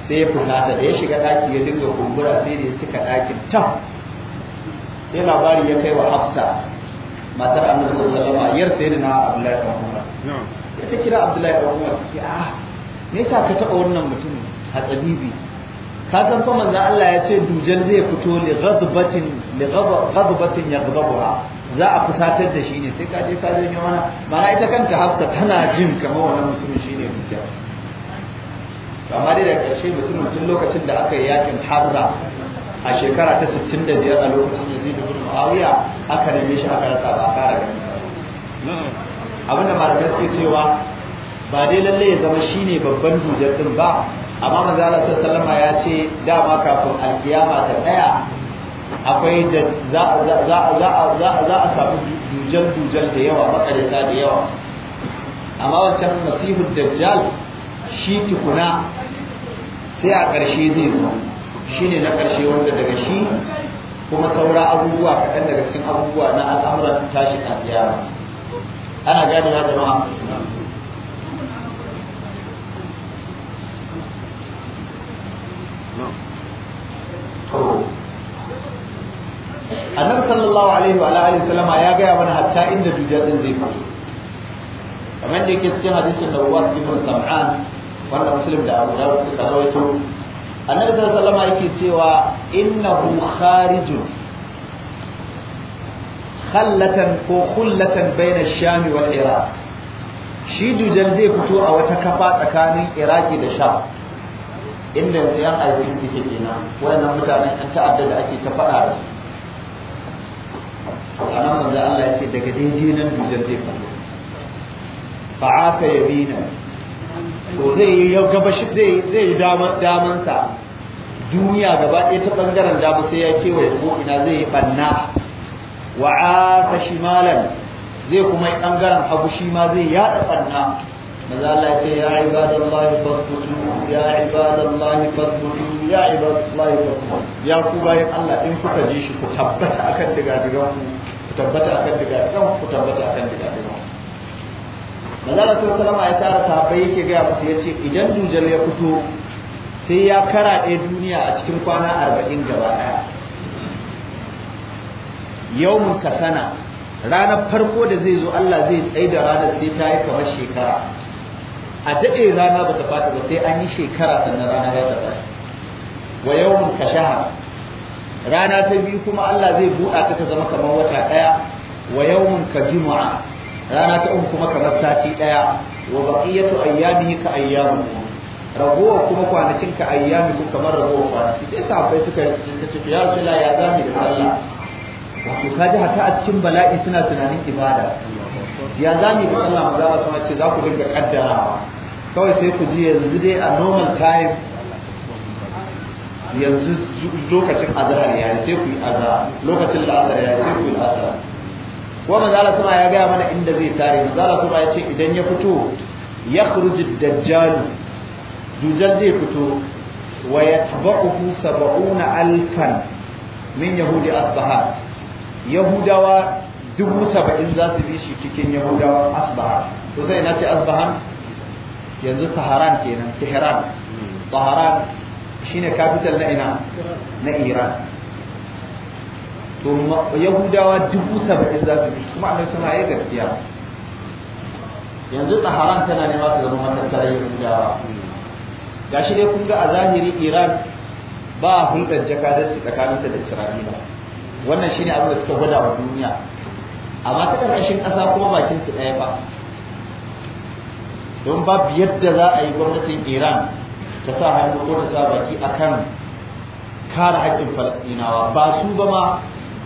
sai ya fusata da ya shiga ɗaki ya dinga kumbura sai da ya cika ɗakin tam sai labari ya kai wa hafsa matar annabi sallallahu alaihi yar sai na abdullahi ibn umar ya ta kira abdullahi ibn umar ce ah me yasa ka taba wannan mutum tsabibi? ka san fa manzo Allah ya ce dujan zai fito li ghadbatin li ghadbatin yaghdabuha za a fusatar da shi ne sai ka je ka janyo wani ma'ana ita kanta hafsa tana jin kamar wannan mutumin shine dujan amma dai da ƙarshe mutum tun lokacin da aka yi yakin harra a shekara ta 65 a lokacin Yazid ibn Muawiya aka neme shi aka rasa ba kara gani abinda malamai suke cewa ba dai lalle ya zama shi ne babban din ba amma manzo Allah sallallahu ya ce dama kafin alkiyama ta ɗaya, akwai da za za za za a samu dujal dujal da yawa makarita da yawa amma wancan masifin dajjal shi tukuna sai a ƙarshe zai zo shine na ƙarshe wanda daga shi kuma saura abubuwa kaɗan daga cikin abubuwa na al'amuran tashi a ziyara ana gane ya jama'a annabi sallallahu alaihi wa alihi sallama ya gaya mana hatta inda dujal din zai faru kamar da yake cikin hadisin da ruwa cikin Sam'an wanda Muslim da Abu da suka rawaito annabi sallallahu alaihi wasallam yake cewa innahu kharijun khallatan ko khullatan bayna sham wal iraq shi dujal zai fito a wata kafa tsakanin iraki da sham inda yanzu yan isis suke kenan waɗannan mutanen an ta'adda da ake ta faɗa da su a nan manzo Allah ya ce daga daidai nan dujal zai fito fa'aka yabina to zai yi ya gabashi zai zai daman daman sa duniya gaba ɗaya ta bangaren damu sai ya kewaye ko ina zai yi banna wa aka malam zai kuma yi bangaren hagu shi ma zai da banna maza Allah ya ce ya ba ibadallahi fasbutu ya ibadallahi ba ya ibadallahi fasbutu ya ku bayan Allah in kuka ji shi ku tabbata akan diga diga ku tabbata akan diga diga ku tabbata akan diga diga manzala sun salama ya tara sahabbai yake gaya musu ya ce idan dujal ya fito sai ya kara ɗaya duniya a cikin kwana arba'in gaba ɗaya ka sana, ranar farko da zai zo Allah zai tsaye da ranar sai ta yi kamar shekara a daɗe rana ba ta faɗi ba sai an yi shekara sannan rana ya tafi. wa yau ka shaha, rana ta biyu kuma Allah zai buɗa ta zama kamar wata ɗaya wa mun ka jima'a. rana ta uku kuma kamar sati daya wa baqiyatu ayyamihi ka ayyamu ragowa kuma kwanakin ka ayyamikum kamar ragowa kwanaki sai sahabbai suka ce to ya rasulullah ya zami da sallah wato ji hata a cikin bala'i suna tunanin ibada ya zami da sallah maza za su ce za ku dinga kaddara? kawai sai ku ji yanzu dai a normal time yanzu lokacin azhar ya sai ku yi azhar lokacin la'asar ya sai ku yi la'asar ko manzo sama ya gaya mana inda zai tare manzo sama ya ce idan ya fito ya khruju dajjal dujal zai fito wa yatba'uhu 70 alfan min yahudi asbaha yahudawa dubu saba'in za su bi shi cikin yahudawa asbaha to sai na ce asbahan yanzu taharan kenan tehran taharan shine capital na ina na iran to yahudawa dubu saba'in za su bi kuma annabi suna yi gaskiya yanzu tsaharan tana nema su zama matattar yahudawa gashi dai kun ga a zahiri iran ba hulɗar tsakanin tsakaninta da isra'ila wannan shine abin da suka gwada wa duniya amma ta ƙarƙashin ƙasa kuma bakin su ɗaya ba don babu yadda za a yi gwamnatin iran ta sa hannu ko ta sa baki akan kare haƙƙin falasɗinawa ba su ba ma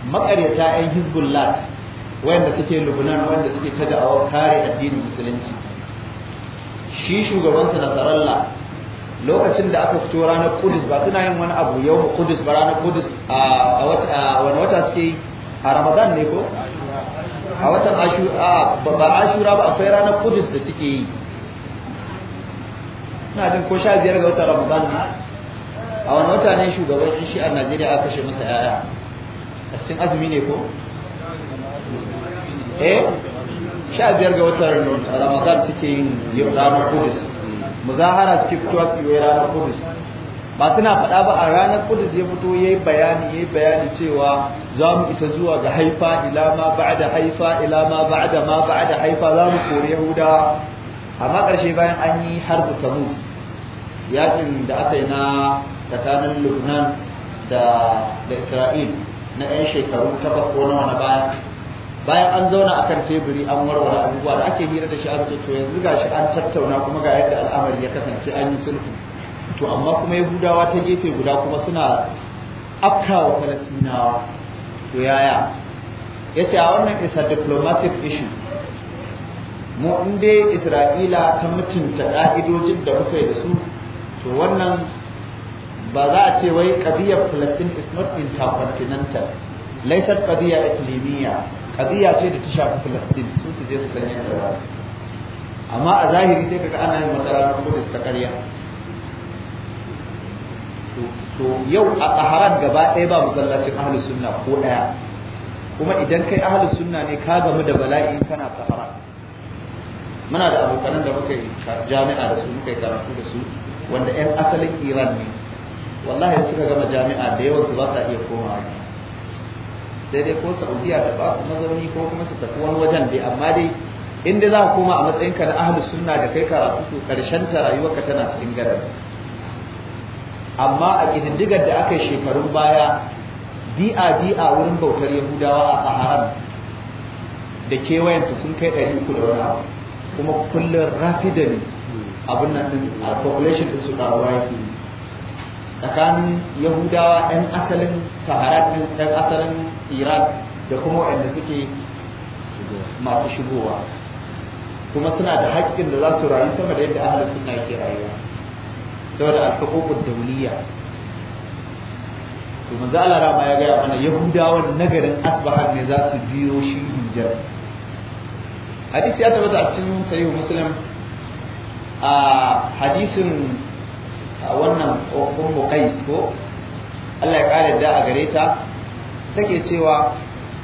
makaryata 'yan hizbullah wayanda suke lubunan wanda suke ta da'awar kare addinin musulunci shi shugaban shugabansu nasarallah lokacin da aka fito ranar kudus ba suna yin wani abu yau kudus ba ranar kudus a wani wata suke yi a ramadan ne ko a watan ashura ba ashura ba akwai ranar kudus da suke yi na jin ko sha biyar ga watan ramadan ne a wani wata ne shugaban shi a najeriya aka kashe masa yaya a cikin azumi ne ko eh sha biyar ga watan ramadan suke yin ranar kudus muzahara suke fitowa su yi ranar kudus ba suna faɗa ba a ranar kudus ya fito ya yi bayani ya yi bayani cewa za mu isa zuwa ga haifa ila ma ba'da haifa ila ma ba'da ma ba'da haifa za mu kori yahuda amma ƙarshe bayan an yi harbu tamuz yakin da aka yi na tsakanin lubnan da da isra'il na 'yan shekaru takwas ko nawa na baya bayan an zauna akan teburi an warware abubuwa da ake hira da shi an to yanzu ga shi an tattauna kuma ga yadda al'amari ya kasance an yi sulhu to amma kuma yahudawa ta gefe guda kuma suna afkawa falastinawa to yaya ya ce a wannan isa diplomatic issue mu in dai isra'ila ta mutunta ƙa'idojin da muka yi da su to wannan ba za a ce wai qadiyar falastin is not intercontinental laysat qadiya iklimiya qadiya ce da ta shafi Palestine su su je su san yadda ba amma a zahiri sai kaga ana yin masara ko da karya to yau a tsaharar gaba ɗaya ba masallacin ahli sunna ko ɗaya kuma idan kai ahli sunna ne ka gamu da bala'i kana tsahara muna da abokanan da muka yi jami'a da su muka yi karatu da su wanda 'yan asalin iran ne wallahi suka gama jami'a da yawan su ba iya komawa sai dai ko saudiya ta ba su mazauni ko kuma su tafi wani wajen dai amma dai inda za ka koma a matsayin ka na ahlus sunna da kai karatu to karshen ta ka tana cikin garar amma a kididdigar da aka yi shekarun baya bi'a bi'a wurin bautar yahudawa a haram da kewayenta sun kai ɗari uku da wani kuma kullum rapidly abin nan din population din su ƙaruwa yake tsakanin yahudawa ɗan asalin saharat ɗan asalin iraq da kuma waɗanda suke masu shigowa kuma suna da haƙƙin da za su rayu sama da yadda ahalin suna yake rayuwa saboda alfaƙoƙin dauliya to manzo Allah rama ya gaya mana yahudawan nagarin asbahan ne za su biyo shi hijjar hadisi ya tabbata a cikin sayo muslim a hadisin a wannan ummu qais ko Allah ya kare da a gare ta take cewa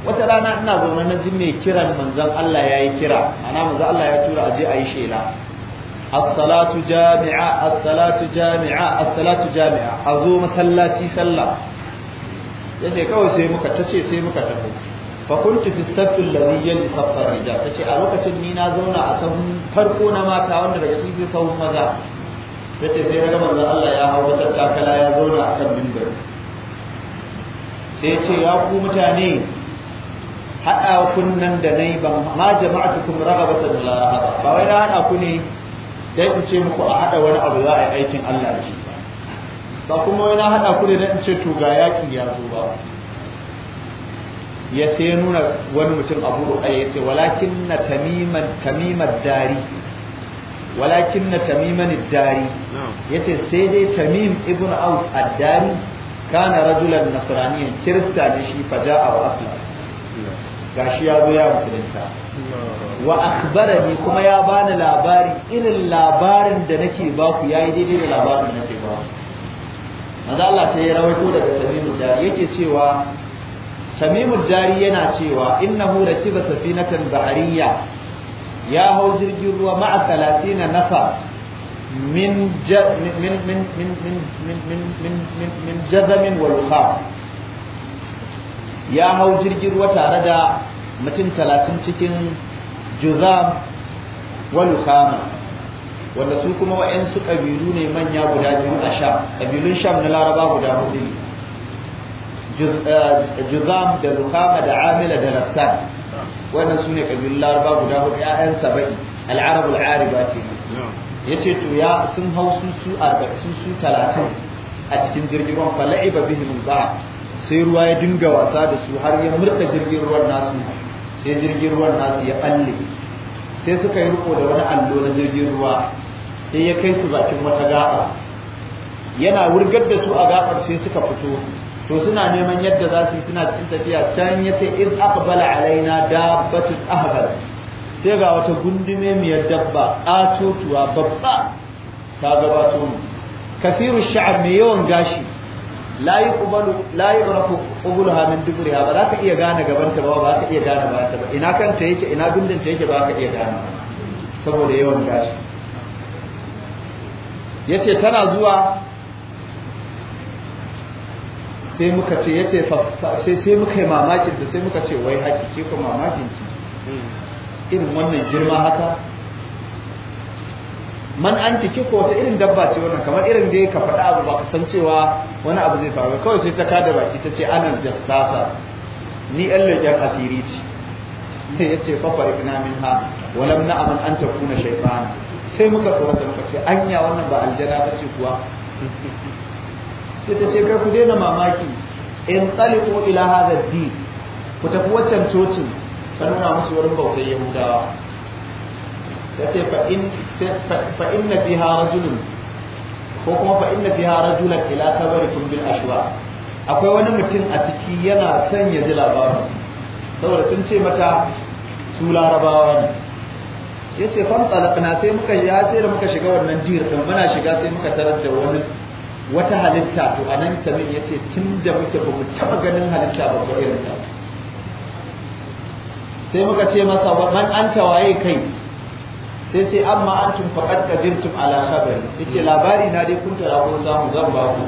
wata rana ina zaune na ji mai kiran manzon Allah ya yi kira ana manzon Allah ya tura aje yi shela as-salatu jami'a as-salatu jami'a as-salatu jami'a zo masallaci sallah ce kawai sai muka ta ce sai muka tafi fa kuntu fi safi alladhi yali safa rijal ce a lokacin ni na zauna a sahun farko na mata wanda daga cikin sahun maza ta ce sai na manzon Allah ya hau wata takala ya zauna a kan mimbar sai ya ce ya ku mutane haɗa kunnan da na yi ba ma jama'atukum raghabatan la rahaba ba wai na haɗa ku ne dai in ce muku a haɗa wani abu za a yi aikin Allah da shi ba kuma wai na haɗa ku ne dan in ce to ga yaki ya zo ba ya sai nuna wani mutum abu ru'ayya ya ce walakin na tamiman tamimar dari walakin na tamiman dari yace sai dai tamim ibn aus ad-dari kana rajulan nasraniyan kirista ne shi wa asla gashi ya zo ya musulunta wa akhbarani kuma ya bani labari irin labarin da nake ba ku yayi daidai da labarin da nake ba manzo Allah sai ya rawaito daga tamimud dari yake cewa tamimud dari yana cewa innahu rakiba safinatan bahariyya ya hau jirgin ruwa ma'a talatina nafa min min jazamin waluha ya hau jirgin ruwa tare da mutum talatin cikin juzam waluhama wanda su kuma wa'yansu ƙabilu ne manya guda biyu a sha. ƙabilun sham na laraba guda hudu ne eh, juzam da luhama da amila da rassan wannan sune kabilun laraba guda hudu ƴaƴan saba'i al'arabul ariba ke yace to ya sun hau su su sun su 30 a cikin jirgin ruwan la'iba bihim ba sai ruwa ya dinga wasa da su har ya murka jirgin ruwan nasu sai jirgin ruwan nasu ya balle sai suka yi riko da wani allo na jirgin ruwa sai ya kai su bakin wata gaba yana wurgar da su a gabar sai suka fito to suna neman yadda za su yi suna cikin tafiya can ya ce in aqbala alaina dabbatun ahbar sai ga wata gundume miyar dabba ƙatotuwa babba ta gabato mu kafiru sha'ab mai yawan gashi layi yuqbalu la yuqrafu qubulaha min ba za ka iya gane gabanta ba ba za ka iya gane ta ba ina kan ta yake ina ta yake ba ka iya gane saboda yawan gashi yace tana zuwa sai muka ce ya ce sai muka yi mamakin da sai muka ce wai haƙi ke ku mamakin ci, irin wannan girma haka man an tiki ko wata irin dabba ce wannan kamar irin da ya faɗa abu ba ka san cewa wani abu zai faru kawai sai ta kada baki ta ce anan jassasa ni ɗan leƙen asiri ce sai ya ce fafar ina min ha walam na abin an ta kuna shaifana sai muka tsorata muka ce anya wannan ba aljana ba ce kuwa sai ta ce kai ku daina mamaki in tsaliku ila hadha din ku tafi waccan cocin ta nuna musu wurin bautar yahudawa ya ce fa in fa inna fiha rajulun ko kuma fa inna fiha rajulan ila sabarikum bil ashwa akwai wani mutum a ciki yana son ya ji labarin saboda sun ce mata su larabawa ne ya ce fan tsalakna sai muka ya sai da muka shiga wannan jihar kan muna shiga sai muka tarar da wani wata halitta to ya ce yace da muke ba mu taba ganin halitta ba ko irin ta sai muka ce masa man anta waye kai sai sai amma antum faqad qadirtum ala khabari yace labari na dai kun tara ko za zan ba ku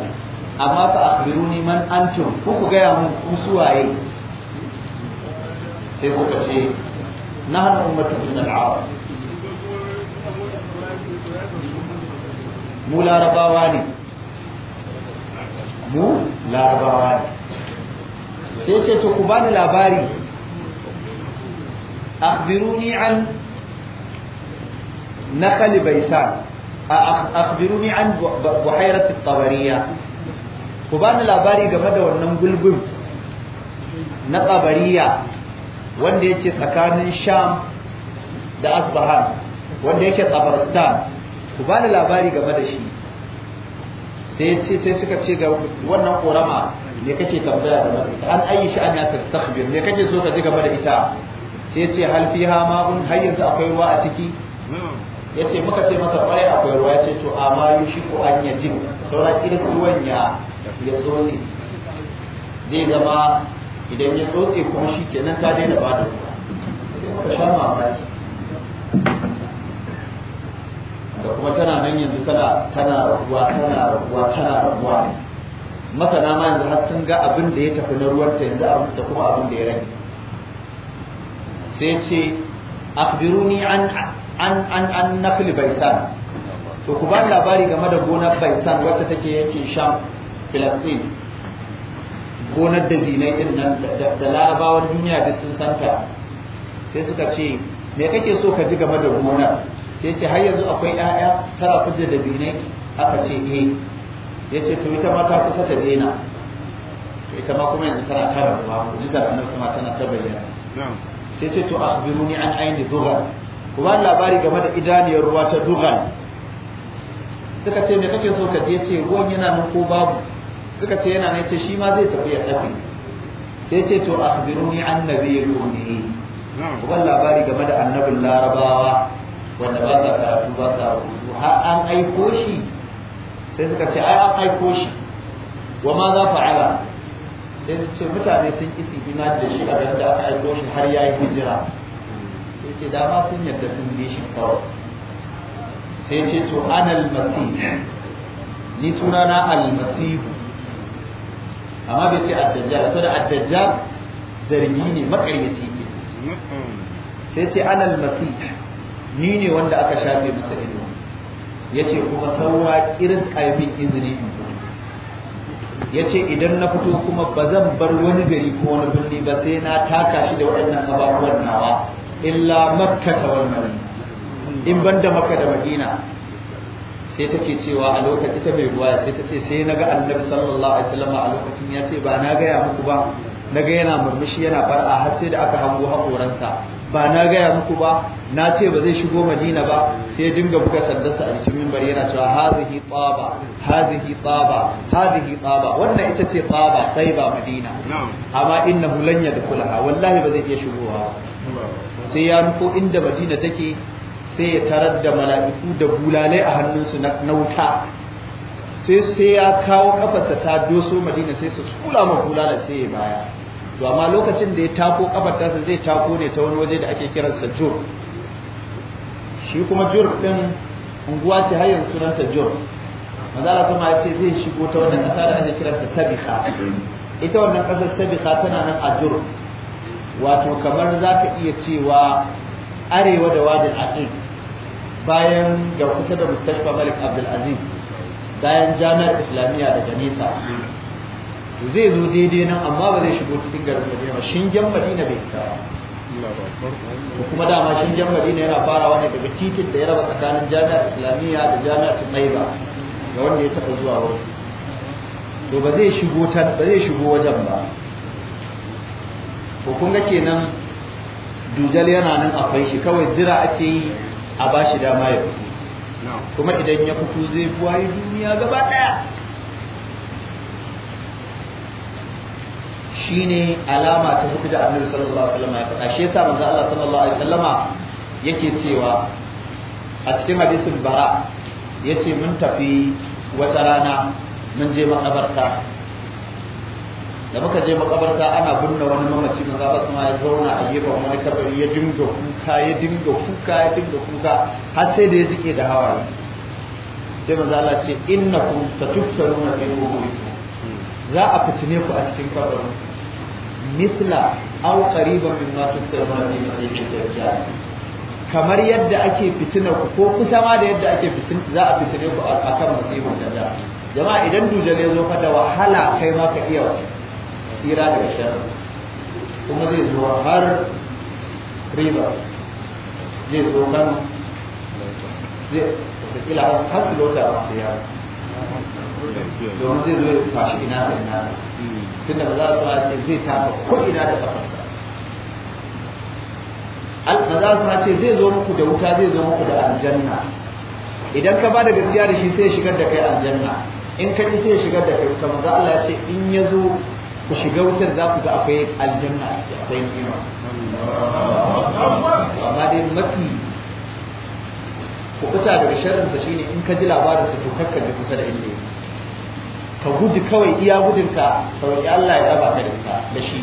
amma fa akhbiruni man antum ku ku ga mun ku suwaye sai suka ce nahnu ummatu min al-arab mu larabawa ne mu larabawa sai ce to ku bani labari akhbiruni an nakhl baitan akhbiruni an buhairat at-tabariya ku bani labari game da wannan gulbin na tabariya wanda yake tsakanin sham da asbahan wanda yake ku bani labari game da shi sai ce sai suka ce ga wannan korama me kake tambaya da an ayi shi an ya tastakhbir me kake so ka ji game da ita sai ce hal fiha ma'un har yanzu akwai ruwa a ciki yace muka ce masa kwarai akwai ruwa yace to amma yushi ko an ya jin sauran irin ruwan ya ya tsotse zai zama idan ya tsotse kuma shi kenan ta daina ba da ruwa sai muka sha mamaki da kuma tana nan yanzu tana tana rabuwa tana rabuwa tana raguwa masana ma yanzu har sun ga abin da ya tafi na ta yanzu da kuma abin da ya rage sai ce akhbiruni an an an an nakli to ku ba labari game da gonar baisan wacce take yankin sham filastin gonar da dinai din nan da larabawan duniya duk sun santa sai suka ce me kake so ka ji game da gonar sai ce har yanzu akwai 'ya'ya tara, kujje da binai aka ce eh ya ce to ita ma ta kusa ta daina to ita ma kuma yanzu tana tara ba ku ji da annabi sama tana ta bayyana sai ce to akhbiruni an aini dugal ku ba labari game da idaniyar ruwa ta dugal suka ce me kake so ka je ce ruwan yana nan ko babu suka ce yana nan ce shi ma zai tafi ya tafi sai ce to akhbiruni an nabiyul ummi ku ba labari game da annabin larabawa wanda ba sa karatu ba sa rubutu har an aiko shi sai suka ce ai an aiko shi wa ma za fa'ala sai su ce mutane sun isi ina da shi a da aka aiko shi har yayi hijira sai ce dama sun yarda sun bi shi kawai sai ce to anal masih ni sunana al masih amma bai ce addajjal to da addajjal zargi ne makaryaci ke sai ce anal masih ni ne wanda aka shafe masa ido ce kuma sauwa kiris a izini in ce idan na fito kuma ba zan bar wani gari ko wani birni ba sai na taka shi da waɗannan ababuwan nawa illa makka ta wannan in ban da makka da madina sai take cewa a lokacin ita mai ruwa sai ta ce sai naga annabi sallallahu alaihi wasallam a lokacin ya ce ba na gaya muku ba Na ga yana murmushi yana far'a har sai da aka hango hakoransa ba na gaya muku ba na ce ba zai shigo madina ba sai ya dinga buga sandarsa a jikin mimbar yana cewa hazihi tsaba hazihi tsaba hazihi tsaba wannan ita ce tsaba sai ba madina amma innahu lan yadkhulaha wallahi ba zai iya shigowa sai ya nufo inda madina take sai ya tarar da mala'iku da bulalai a hannunsu na wuta sai sai ya kawo kafarsa ta doso madina sai su tsula ma bulalai sai ya baya to amma lokacin da ya tako kafar tasa zai tako ne ta wani waje da ake kiransa jur shi kuma jur din unguwa ce har yanzu sunanta jur manzala sama ya ce zai shigo ta wannan kasa da ake kiranta sabiha ita wannan ƙasar sabiha tana nan a jur wato kamar za ka iya cewa arewa da wadin aqiq bayan ga kusa da mustashfa malik abdul aziz bayan jami'ar islamiyya daga nesa to zai zo daidai nan amma ba zai shigo cikin garin Madina ba shingen Madina bai isa ba kuma dama shingen Madina yana farawa ne daga titin da ya raba tsakanin jami'ar Islamiyya da jami'ar Tunaiba ga wanda ya taba zuwa wurin to ba zai shigo ta ba zai shigo wajen ba ko kun ga kenan dujal yana nan akwai shi kawai jira ake yi a bashi dama ya kuma idan ya fito zai buwaye duniya gaba daya shine alama ta hudu da annabi sallallahu alaihi wasallam ya faɗa shi yasa manzo Allah sallallahu alaihi wasallama yake cewa a cikin hadisin bara yace mun tafi wata rana mun je makabarta da muka je makabarta ana binne wani mamaci manzo Allah sama ya zauna a gefen wani kabari ya dinga kuka ya dinga kuka ya dinga kuka har sai da ya jike da hawaye sai manzo Allah ce innakum satuftaruna bi quburikum za a fitine ku a cikin kabarin misla aw قريبا مما tuftaruna في masihi الدجال kamar yadda ake fitina ku ko kusa ma da yadda ake fitin za a fitine ku musibin da dajjal jama'a idan duje ne zo fa da wahala kai ma ka iya tsira da shar kuma zai zo har riba zai zo kan zai da kila har su lota masu yaro domin zai zo ya fashi ina da ina hmm. tunda ba za su a ce zai tafa ko ina da kafarsa ba za su ce zai zo muku da wuta zai zo muku da aljanna idan ka ba da gaskiya da shi sai shigar da kai aljanna in ka sai shigar da kai wuta Maza Allah ya ce in ya zo ku shiga wutar za ku ga akwai aljanna a kima amma dai mafi ku kuta daga sharrin shine in ka ji labarin su to kakka da kusa da inda yake ka gudu kawai iya gudunka ka roƙi Allah ya raba ka da shi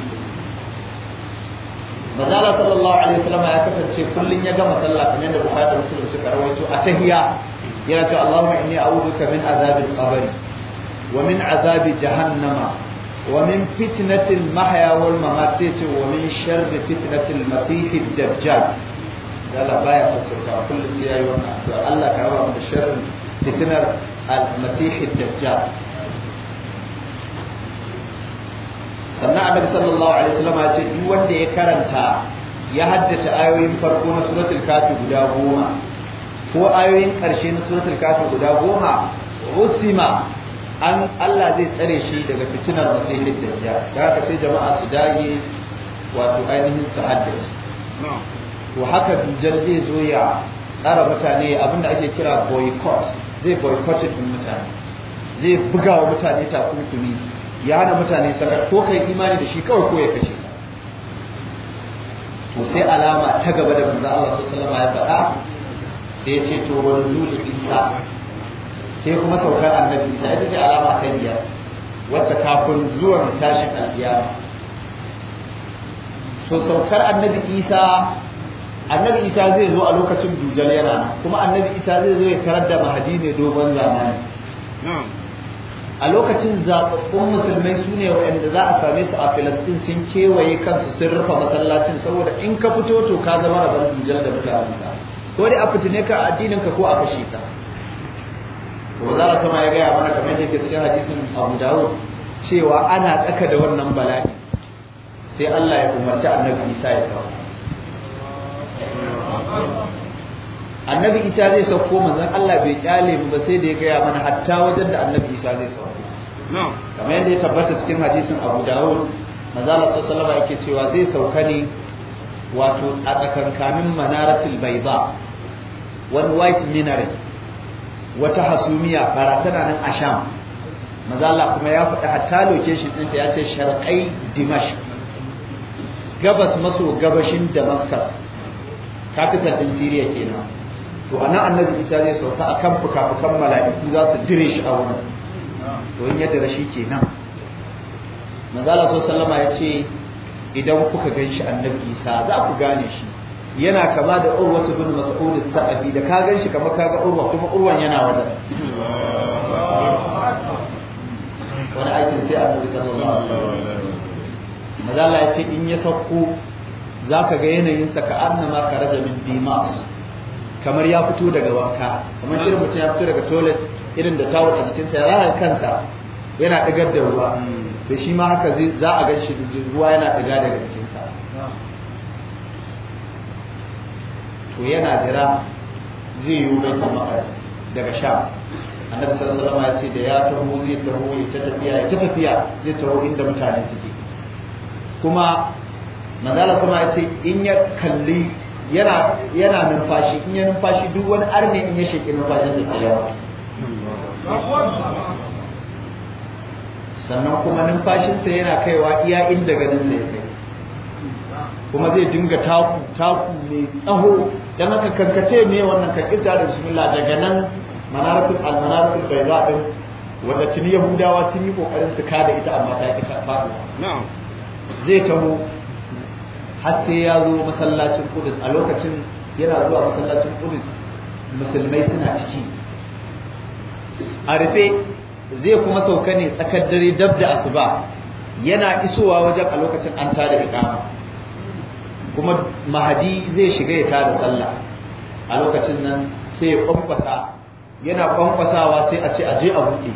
manzala sallallahu alaihi wasallam ya kasance kullun ya gama sallah kamar da bukatar musulmi suka rawaito a tahiyya yana cewa Allahumma inni a'udhuka min azabil qabr wa min azabi jahannama wa min fitnatil mahya wal mamat sai wa min sharri fitnatil masih ad-dajjal yalla baya sassauta kullun sai yayi wannan addu'a Allah ka raba mu da sharrin fitnar al-masih dajjal sannan annabi sallallahu alaihi wasallam ya ce duk wanda ya karanta ya haddace ayoyin farko na suratul kafi guda goma ko ayoyin karshe na suratul kafi guda goma rusima an Allah zai tsare shi daga fitinar masihin dajjal da haka sai jama'a su dage wato ainihin su haddace to haka dujjal zai zo ya tsara mutane abinda ake kira boycott zai boycott mutane zai buga wa mutane takunkumi ya hana mutane sadaka ko kai imani da shi kawai ko ya kace to sai alama ta gaba da manzo Allah sallallahu alaihi ya faɗa sai ya ce to wani dole isa sai kuma saukar annabi isa ya ce alama ta biyar wacce kafin zuwan tashin alkiyama to saukar annabi isa annabi isa zai zo a lokacin dujal yana kuma annabi isa zai zo ya tarar da mahadi ne dogon zamani a lokacin zaɓaɓɓun musulmai su ne waɗanda za a same su a filastin sun kewaye kansu sun rufe masallacin saboda in ka fito to ka zama rabon dujjal da mutanensa ko dai a fitine ka addinin ka ko a kashe ka ko za a sama ya gaya mana kamar yadda ke cikin hadisin abu dawud cewa ana tsaka da wannan bala'i sai allah ya umarci annabi isa ya sauka annabi isa zai sauko manzon Allah bai kyale mu ba sai da ya gaya mana hatta wajen da annabi isa zai sauko kamar yadda ya tabbata cikin hadisin abu dawud manzo Allah sallallahu alaihi yake cewa zai sauka ne wato a tsakankanin manaratul bayda wani white minaret wata hasumiya fara tana nan a sham manzo Allah kuma ya faɗi hatta location ɗinta ya ce sharqai Dimash. gabas maso gabashin damascus capital din syria kenan to anan annabi isa zai sauka a kan fuka-fukan mala'iku za su dire shi a wurin to in yadda rashi kenan manzala so sallama ya ce idan kuka gan shi annabi isa za ku gane shi yana kama da urwatu bin mas'ud sa'abi da ka gan shi kamar ga urwa kuma urwan yana wajen wani aikin sai annabi sallallahu alaihi wasallam manzala ya ce in ya sauko za ka ga yanayinsa ka annama ka raja min dimas kamar ya fito daga wanka kamar irin mutum ya fito daga toilet irin da tawo a jikinsa ya kansa yana ɗigar da ruwa to shi ma haka za a gan shi ruwa yana ɗiga daga jikinsa to yana dira zai yi mai kamar daga sha annabi sallallahu alaihi ya ce da ya taho zai taho ya ta tafiya ya ta tafiya zai taho inda mutane suke kuma manzala sama ya ce in ya kalli yana yana numfashi in ya numfashi duk wani arne in ya sheke numfashin da sai yawa sannan kuma numfashinsa yana kaiwa iya inda ganin sa kai kuma zai dinga taku taku mai tsaho dan haka kankace ne wannan ka kirta da bismillah daga nan manaratul almanaratul bayda din wanda tuni yahudawa sun yi kokarin su kada ita amma ta ki faɗo na'am zai taho har sai ya zo masallacin kudus a lokacin yana zuwa masallacin kudus musulmai suna ciki a rufe zai kuma sauka ne tsakar dare dab da asuba yana isowa wajen a lokacin an tada iqama kuma mahadi zai shiga ya tada sallah a lokacin nan sai ya kwankwasa yana kwankwasawa sai a ce a a buɗe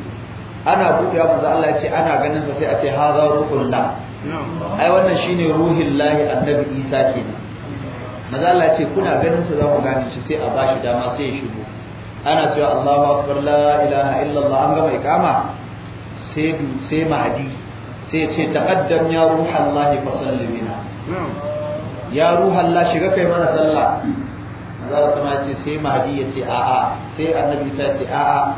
ana buɗewa manzo Allah ya ce ana ganin sa sai a ce haza ruhullah ai wannan shine ruhin lahi annabi isa ke maza Allah ce kuna ganin sa za ku gane shi sai a bashi dama sai ya shigo ana cewa Allahu akbar la ilaha illallah an gama ikama sai sai mahdi sai ce taqaddam ya lahi fa sallimina ya ruhallah shiga kai mana sallah za a sama ce sai mahadi ya ce a'a sai annabi sa ce a'a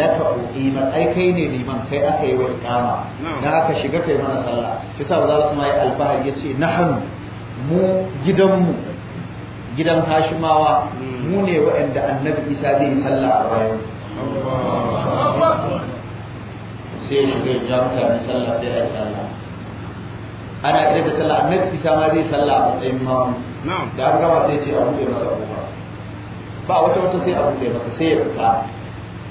laka iman ai kai ne liman kai aka yi wa iqama dan aka shiga kai mana sallah sai sa za a sama yi albahar ya ce nahnu mu gidanmu gidan hashimawa hmm. mu ne waɗanda annabi isa zai yi sallah a bayan sai ya shiga ya na sallah sai ya yi sallah ana kira da sallah annabi isa ma zai sallah a matsayin mamu da an gaba sai ce a buɗe masa ƙofa ba wata wata sai abu da masa sai ya fita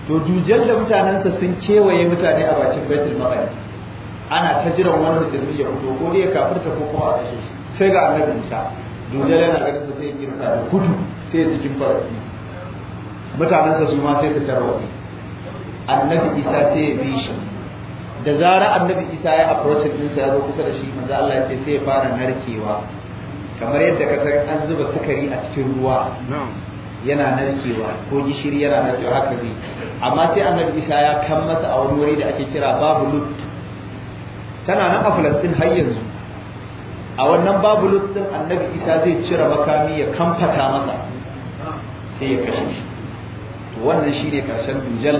to dujal da mutanensa sun kewaye mutane a bakin baitul maqdis ana ta jiran wani musulmi ya fito ko ya kafirta ko kuma a kashe shi sai ga annabi isa dujal yana ganin sai ya kirka da gudu sai ya jikin farasi mutanensa su ma sai su tarwaye annabi isa sai ya bi shi da zarar annabi isa ya approach din sa zo kusa da shi manzo Allah ya ce sai ya fara narkewa kamar yadda ka san an zuba sukari a cikin ruwa yana narkewa ko gishiri yana narkewa haka zai amma sai annabi isa ya kan masa a wani wuri da ake kira babu lut tana nan a falastin har yanzu a wannan babu lut din annabi isa zai cire makami ya kamfata masa sai ya kashe shi to wannan shine karshen dujal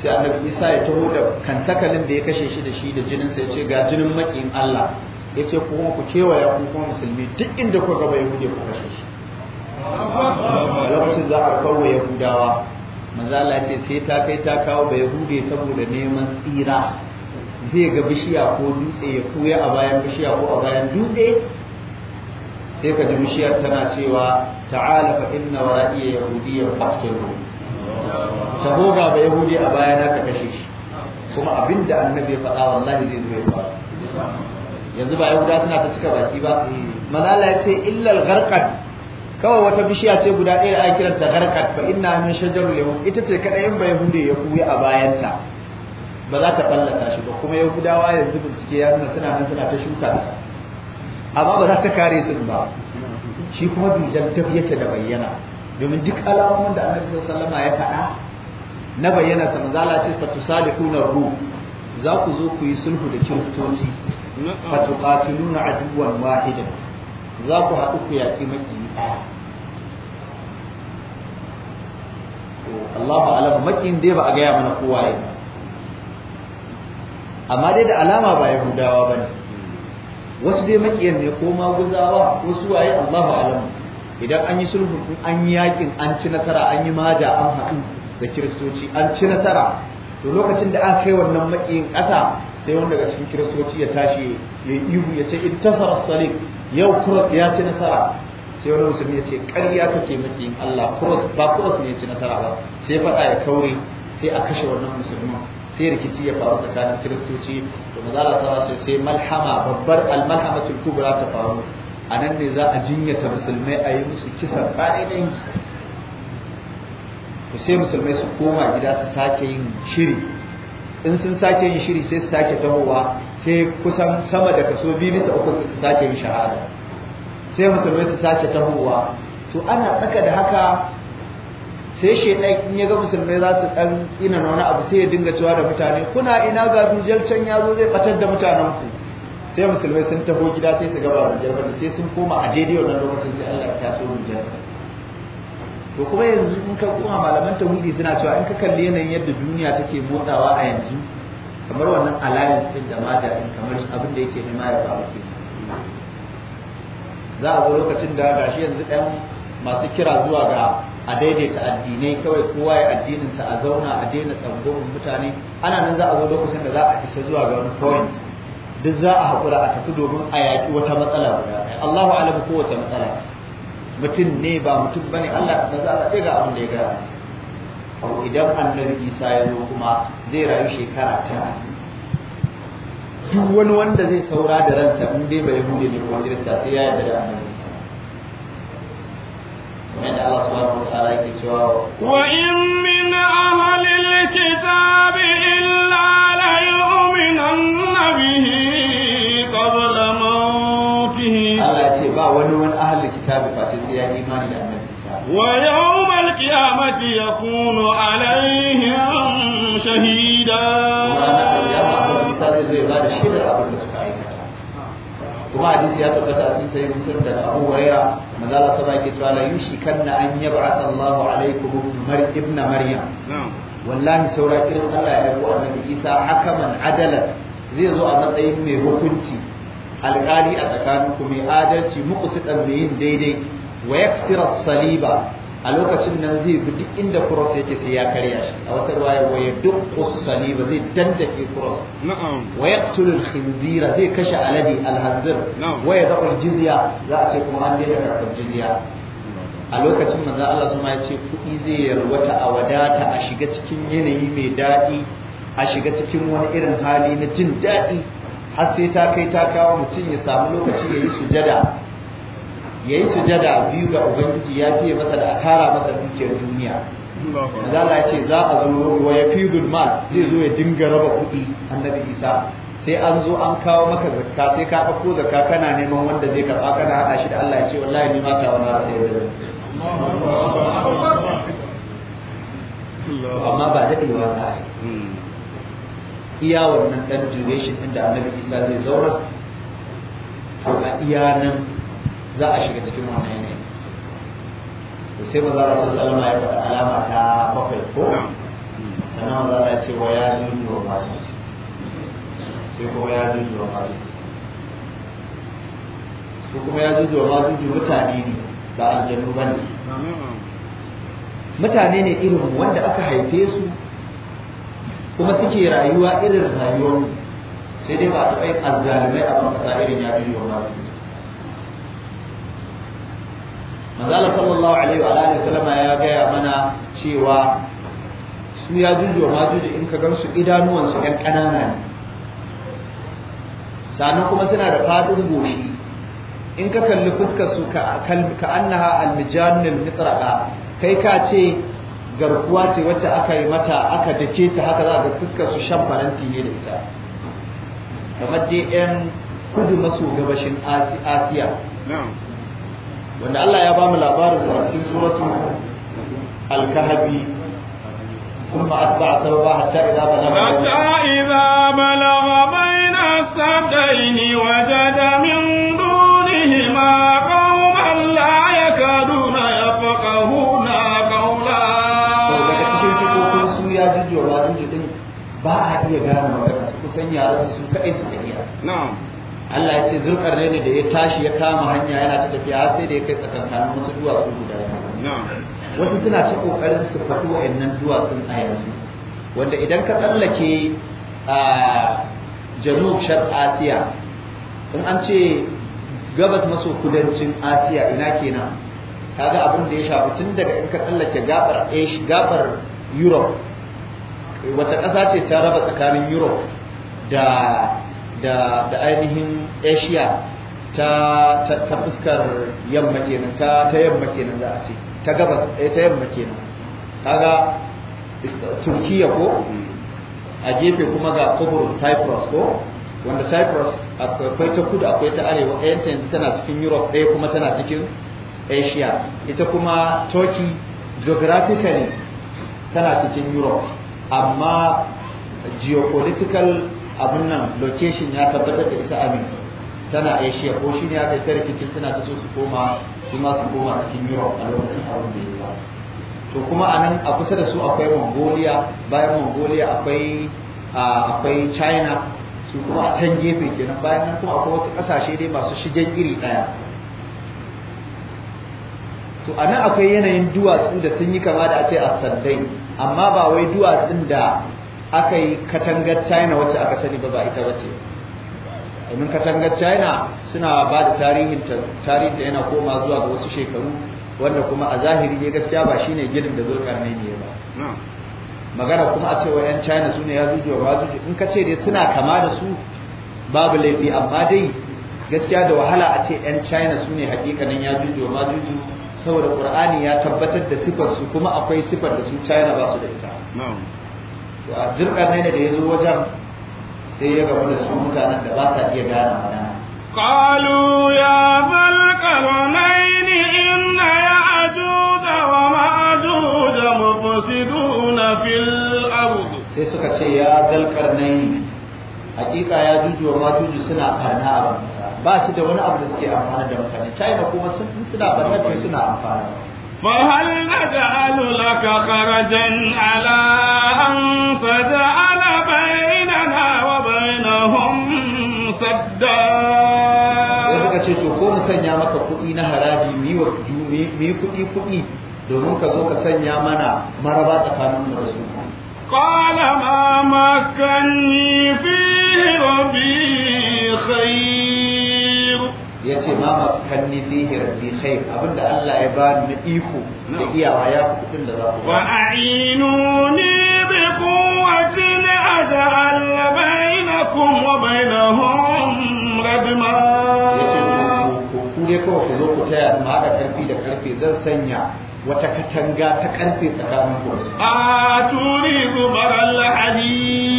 sai annabi isa ya taho da kansakalin da ya kashe shi da shi da jininsa ya ce ga jinin makin allah ya ce kuma ku kewaya ku kuma musulmi duk inda kuka gaba ya ku kashe shi a lokacin za a kawo yahudawa mazala ce sai ta kai ta kawo bai yahude saboda neman tsira zai ga bishiya ko dutse ya kuya a bayan bishiya ko a bayan dutse sai ka ji bishiyar tana cewa ta'ala fa inna wara'iya yahudiyya fahkiru taho ba yahudi a bayan ka kashe shi kuma abinda annabi ya faɗa wallahi zai zo ya yanzu ba yahuda suna ta cika baki ba mazala ya ce illal gharqat kawai wata bishiya ce guda ɗaya a ta harkat fa inna min shajarul yahud ita ce kaɗai in bai hunde ya kuya a bayanta ba za ta fallata shi ba kuma yahudawa yanzu bincike ya nuna suna nan suna ta shuka amma ba za ta kare su ba shi kuma bijan ta da bayyana domin duk alamomin da annabi sallallahu alaihi ya faɗa na bayyana sa manzala ce fatusalihuna ruh za ku zo ku yi sulhu da kiristoci fatuqatiluna aduwan wahidan za ku haɗu ku yaƙi maki ɗaya to Allahu alama makin dai ba a gaya mana kowa ya amma dai da alama ba Yahudawa ne wasu dai makiyan ne ko maguzawa ko su waye Allahu alama. idan an yi sulhu an yi yakin an ci nasara an yi maja an haɗu da kiristoci an ci nasara to lokacin da an kai wannan makiyin ƙasa sai wanda daga cikin kiristoci ya tashi ya yi ihu ya ce in intasara salik yau cross ya ci nasara sai wani musulmi ya ce ƙarya kake maki Allah cross ba cross ne ya ci nasara ba sai faɗa ya kaure sai a kashe wannan musulmi sai rikici ya faru tsakanin kiristoci da mazala sama sai malhama babbar almalhamatul kubra ta faru a nan ne za a jinyata musulmai a yi musu kisan ƙa'idan su sai musulmai su koma gida su sake yin shiri in sun sake yin shiri sai su sake tahowa sai kusan sama da kaso biyu bisa uku su sace yin shahada sai musulmai su sace tahowa to ana tsaka da haka sai shaidan in ya ga musulmai za su dan tsina na wani abu sai ya dinga cewa da mutane kuna ina ga dujal can ya zo zai batar da mutanen ku sai musulmai sun taho gida sai su gaba da jarfa sai sun koma a daidai wannan lokacin sai Allah ya taso jarfa to kuma yanzu in ka kuma malaman tauhidi suna cewa in ka kalli yanayin yadda duniya take motsawa a yanzu kamar wannan alliance din da ma da kamar abin da yake nema ya faru ke za a zo lokacin da gashi yanzu ɗan masu kira zuwa ga a daidaita addinai kawai kowa ya addininsa a zauna a daina tsangon mutane ana nan za a zo lokacin da za a isa zuwa ga wani point duk za a haƙura a tafi domin a yaƙi wata matsala guda ɗaya Allahu alam kowace matsala mutum ne ba mutum bane Allah ba za a ga abin da ya gaya idan annabi isa ya zo kuma zai rayu shekara ta. duk wani wanda zai saura da ransa in dai bai hude ne ko kirista sai ya yarda da annabi isa kamar da Allah subhanahu wa ta'ala yake cewa wa in min ahli alkitabi illa la yu'minanna bihi qabla mawtihi Allah ya ce ba wani wani ahli kitabi face sai ya imani da annabi isa wa القيامة يكون عليهم شهيدا kuma hadisi ya tabbata a cikin sahihin muslim da Abu Huraira manzo Allah sama yake cewa la yushikanna an yab'atha Allahu alaykum ibn Maryam wallahi saura kiran Allah ya aiko annabi Isa hakaman adalan zai zo a matsayin mai hukunci alƙali a tsakaninku mai adalci muqsitan mai yin daidai wa yaksira saliba a lokacin nan zai bi duk inda cross yake sai ya karya shi a wata ruwaya wa yaduqqus ba zai dandake cross na'am wa yaqtulu al zai kashe aladi al-hanzir wa yadqu al-jizya za a ce kuma an daina karɓar jizya a lokacin manzo Allah su ya ce kuɗi zai yarwata a wadata a shiga cikin yanayi mai daɗi a shiga cikin wani irin hali na jin daɗi har sai ta kai ta kawo mutum ya samu lokaci ya yi sujada ya yayi sujada biyu ga ubangiji ya fiye masa da a tara masa dukiyar duniya za a ce za a zo wa fi mal zai zo ya dinga raba kuɗi annabi Isa sai an zo an kawo maka zakka sai ka ɗauko zakka kana neman wanda zai karɓa kana haɗa shi da Allah ya ce wallahi ni ma tawo na sai amma ba daɗewa za ba. iya wannan ɗan jirgin shi inda annabi Isa zai zaura to a iya nan za a shiga cikin wannan yanayi to sai maza rasu salama ya faɗa alama ta bakwai ko sannan maza ya ce wa ya jin wa fasu sai kuma ya jin wa fasu su kuma ya jin wa fasu mutane ne ba aljanu ba ne mutane ne irin wanda aka haife su kuma suke rayuwa irin rayuwar sai dai ba a taɓa yin azzalumai a ban irin ya jin wa fasu manzala sallallahu alaihi wa alihi sallama ya gaya mana cewa su ya jujjo ma jujjo in ka gansu idanuwansu ɗan ƙanana ne sannan kuma suna da faɗin goshi in ka kalli fuskar su ka annaha almijanil mitraqa kai ka ce garkuwa ce wacce aka yi mata aka dake ta haka za ga fuskar su shan faranti ne da isa kamar dai yan kudu maso gabashin asiya wanda Allah ya bamu labarin sa cikin suratu al-kahfi ثم أتبع سببا حتى إذا بلغ حتى إذا بلغ بين السدين وجد من دونهما قوما لا يكادون يفقهون قولا ba a iya gane magana su kusan yaran su kaɗai su iya. Allah ya ce zurkar ne da ya tashi ya kama hanya yana ta tafiya sai da ya kai tsakankanin wasu duwatsu guda wasu suna ci kokarin su faɗo wa'annan duwatsun a yanzu wanda idan ka tsallake a janub shar asiya in an ce gabas maso kudancin asiya ina kenan kaga abin da ya shafi tun daga in ka tsallake gabar gabar europe wata ƙasa ce ta raba tsakanin europe da da da ainihin Asia ta ta fuskar yamma kenan ta ta yamma kenan za a ce ta gabas eh, ta yamma kenan kaga Turkiya ko a gefe kuma ga Cyprus Cyprus ko wanda Cyprus akwai ta kudu akwai ta arewa ɗayan ta yanzu tana cikin Europe ɗaya kuma tana cikin Asia ita kuma Turkey geographically tana cikin Europe amma geopolitical abin nan location ya tabbatar da ita amin tana asia ko shi ne aka ta rikici suna ta so su koma su ma su koma cikin europe a lokacin abin da ya to kuma a nan a kusa da su akwai mongolia bayan mongolia akwai akwai china su kuma a can gefe kenan bayan nan kuma akwai wasu kasashe dai masu shigen iri daya to a nan akwai yanayin duwatsu da sun yi kama da a ce a sandai amma ba wai duwatsun da aka yi katangar china wacce aka sani ba ba ita bace domin katangar china suna ba da tarihin tarihin da yana koma zuwa ga wasu shekaru wanda kuma a zahiri ne gaskiya ba shine gidan da zulkarnain ne ba magana kuma a cewa yan china su ne ya zuji wa zuji in ka ce dai suna kama da su babu laifi amma dai gaskiya da wahala a ce yan china su ne hakikanin ya zuji wa zuji saboda qur'ani ya tabbatar da sifar su kuma akwai sifar da su china ba su da ita to a jirkan ne da ya zo wajen sai ya gamu da su mutanen da ba sa iya gane mana قالوا ya ذا القرنين إن يأجوج ومأجوج مفسدون في الأرض sai suka ce ya dalkar nai hakika ya juju wa majuju suna karna a ba su da wani abu da suke amfana da mutane china kuma suna barna suna amfana فهل نجعل لك خرجا على أن تجعل بيننا وبينهم سدا ce to ko mu sanya maka kuɗi na haraji mu yi wa mu kuɗi kuɗi domin ka zo ka sanya mana maraba tsakanin mu da su قال ما مكني فيه ربي خير ya ce ma ni fihi rabbi khai abinda Allah ya ba ni iko da iyawa ya fi kudin da za ku wa ni bi quwwatin aj'al bainakum wa bainahum radma ku ne kawai ku zo ku taya ma da karfi da karfi zan sanya wata katanga ta karfe tsakanin ku a turi gubar al-hadid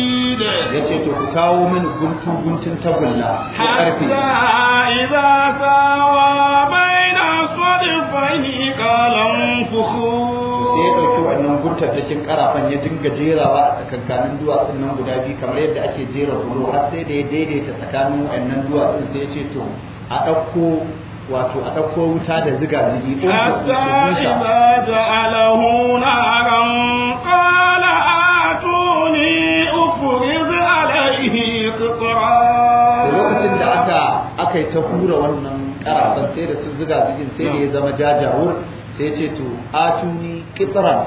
ya ce to ku kawo mini guntun guntun tagulla ko ƙarfe idza sawa baina sadfaini kalam fukhu sai ya ɗauki wannan guntattakin karafan ya dinga jerawa a tsakankanin duwatsun nan guda biyu kamar yadda ake jera bulo har sai da ya daidaita tsakanin wannan duwatsun sai ya ce to a ɗauko wato a ɗauko wuta da ziga zigi hatta idza ja'alahu naran qala Da lokacin da aka aka yi ta hura wannan karafan sai da sun zuga bijin sai da ya zama jajawur sai ce to atuni kitran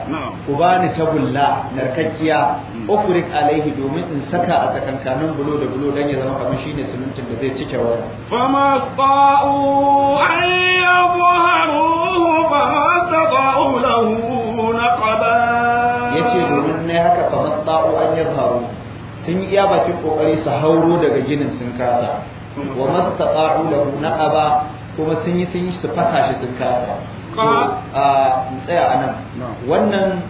ku bani tagulla narkakkiya mm. ukrik alaihi domin in saka a tsakankanin bulo da bulo dan ya zama kamar shine sumuntin da zai cike wa fama qa'u ayyabharuhu fa sadau lahu naqaba yace domin ne haka fama qa'u an yadharu sun yi iya bakin kokari su hauro daga ginin sun kasa wa mastata'u lahu na'aba kuma sun yi sun yi su fasa shi sun kasa a tsaya anan wannan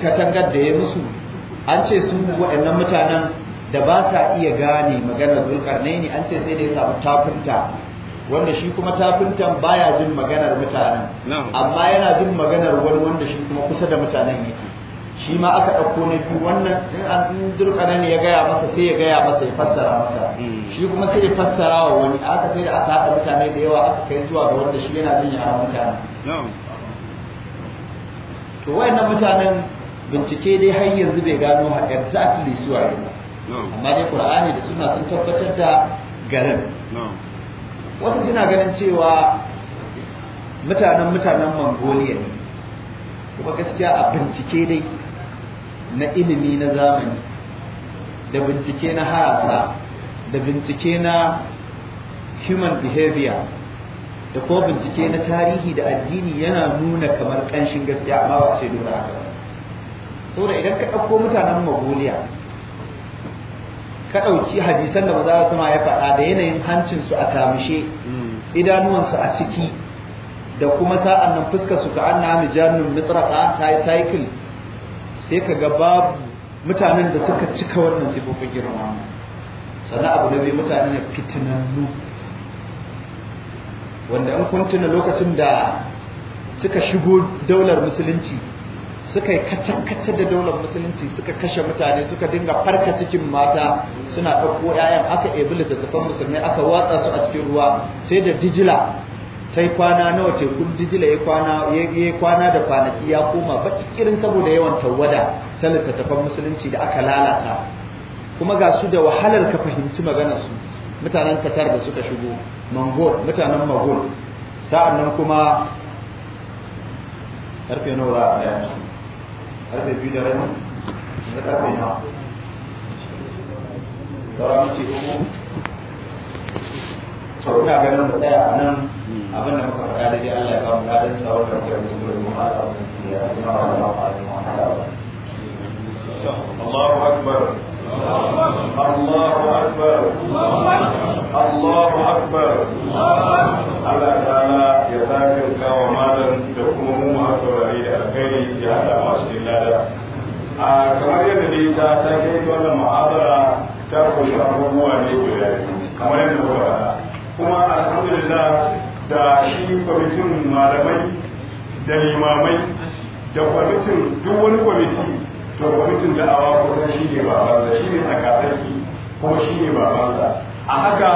katangar da ya musu an ce su waɗannan mutanen da ba sa iya gane maganar zulkarnaini an ce sai da ya samu tafinta wanda shi kuma tafintan baya jin maganar mutanen amma yana jin maganar wani wanda shi kuma kusa da mutanen yake shi ma aka ɗauko na biyu wannan in an durkana ne ya gaya masa sai ya gaya masa ya fassara masa hmm. shi kuma sai ya fassara wa wani aka sai da aka haɗa mutane da yawa aka kai zuwa ga wanda shi yana jin yaran mutane to wayannan mutanen bincike dai har yanzu bai gano exactly su waye ba amma dai qur'ani da suna sun tabbatar da garin wasu suna ganin cewa mutanen mutanen mongolia ne kuma gaskiya a bincike dai na ilimi na zamani da bincike na harasa da bincike na human behavior da ko bincike na tarihi da addini yana nuna kamar ƙanshin gaskiya amma ba ce dole haka saboda idan ka ɗauko mutanen Magoliya, ka ɗauki hadisan da maza ma ya faɗa da yanayin hancinsu a kamishe mm. idanuwansu a ciki da kuma sa'an nan fuskar su ka an na mijanun mitraka ta yi cycle sai ka ga babu mutanen da suka cika wannan sifofin girma sannan abu na biyu mutane ne fitinannu wanda an kuntuna lokacin da suka shigo daular musulunci suka yi kacce-kacce da daular musulunci suka kashe mutane suka dinga farka cikin mata suna ɗauko 'ya'yan aka ebi littattafan musulmai aka watsa su a cikin ruwa sai da dijila ta yi kwana nawa tekun dijila ya kwana ya kwana da kwanaki ya koma bakikirin saboda yawan tawada ta littattafan musulunci da aka lalata kuma ga su da wahalar ka fahimci magana su mutanen tatar da suka shigo mangol mutanen Mogol sa'annan kuma karfe nawa za a yanzu karfe biyu da rabi na karfe nawa sauran ce to ina ganin mu tsaya a nan abin da muka faɗa da dai Allah ya ba mu ladan sa wannan kira da sunan mu Allah ya kuma sallallahu alaihi wa sallam Allahu akbar Allahu akbar Allahu akbar Allah ta'ala ya zaka kawo malam da kuma mu ma saurari da alkhairi ya hada masu lada a kamar yadda dai ta ta kai wannan mu'adara ta kunshi abubuwa ne guda kamar yadda kuka faɗa kuma alhamdulillah da shi kwamitin malamai da limamai da kwamitin duk wani kwamiti to kwamitin da ko kusan shi ne babansa shi ne tsakatsaki kuma shi ne babansa a haka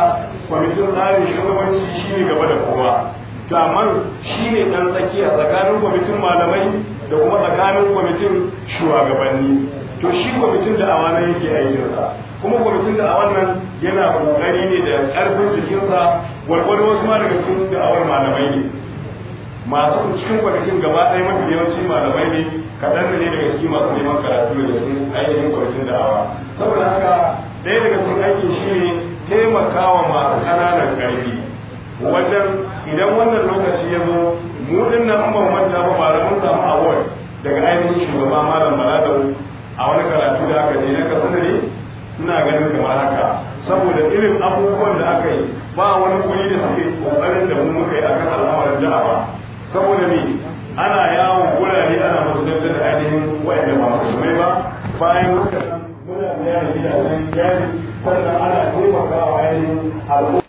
kwamitin tsarin shugabanci shi ne gaba da kowa to shi ne ɗan tsakiya tsakanin kwamitin malamai da kuma tsakanin kwamitin shugabanni to shi kwamitin da awa nan yake aikinsa kuma kwamitin da awa nan yana kokari ne da karfin jikinsa wani wasu ma daga cikin da'awar malamai ne masu cikin kwanakin gaba ɗaya mafi yawanci malamai ne kaɗan da ne daga cikin masu neman karatu da sun ainihin kwanakin da'awa saboda haka ɗaya daga cikin aiki shi ne taimakawa masu ƙananan ƙarfi wajen idan wannan lokaci ya zo mu ɗin nan ban manta ba malamin samu award daga ainihin shugaba malam maradau. a wani karatu da aka je na kasar ne suna ganin kamar haka saboda irin abubuwan da aka yi ba wani guri da suke kokarin da mu muka yi akan al'amarin da'a ba saboda me ana yawon gurare ana musulunta da ainihin wa'anda ba musulmai ba bayan muna da yanayi da yanayi sannan ana taimakawa ainihin al'umma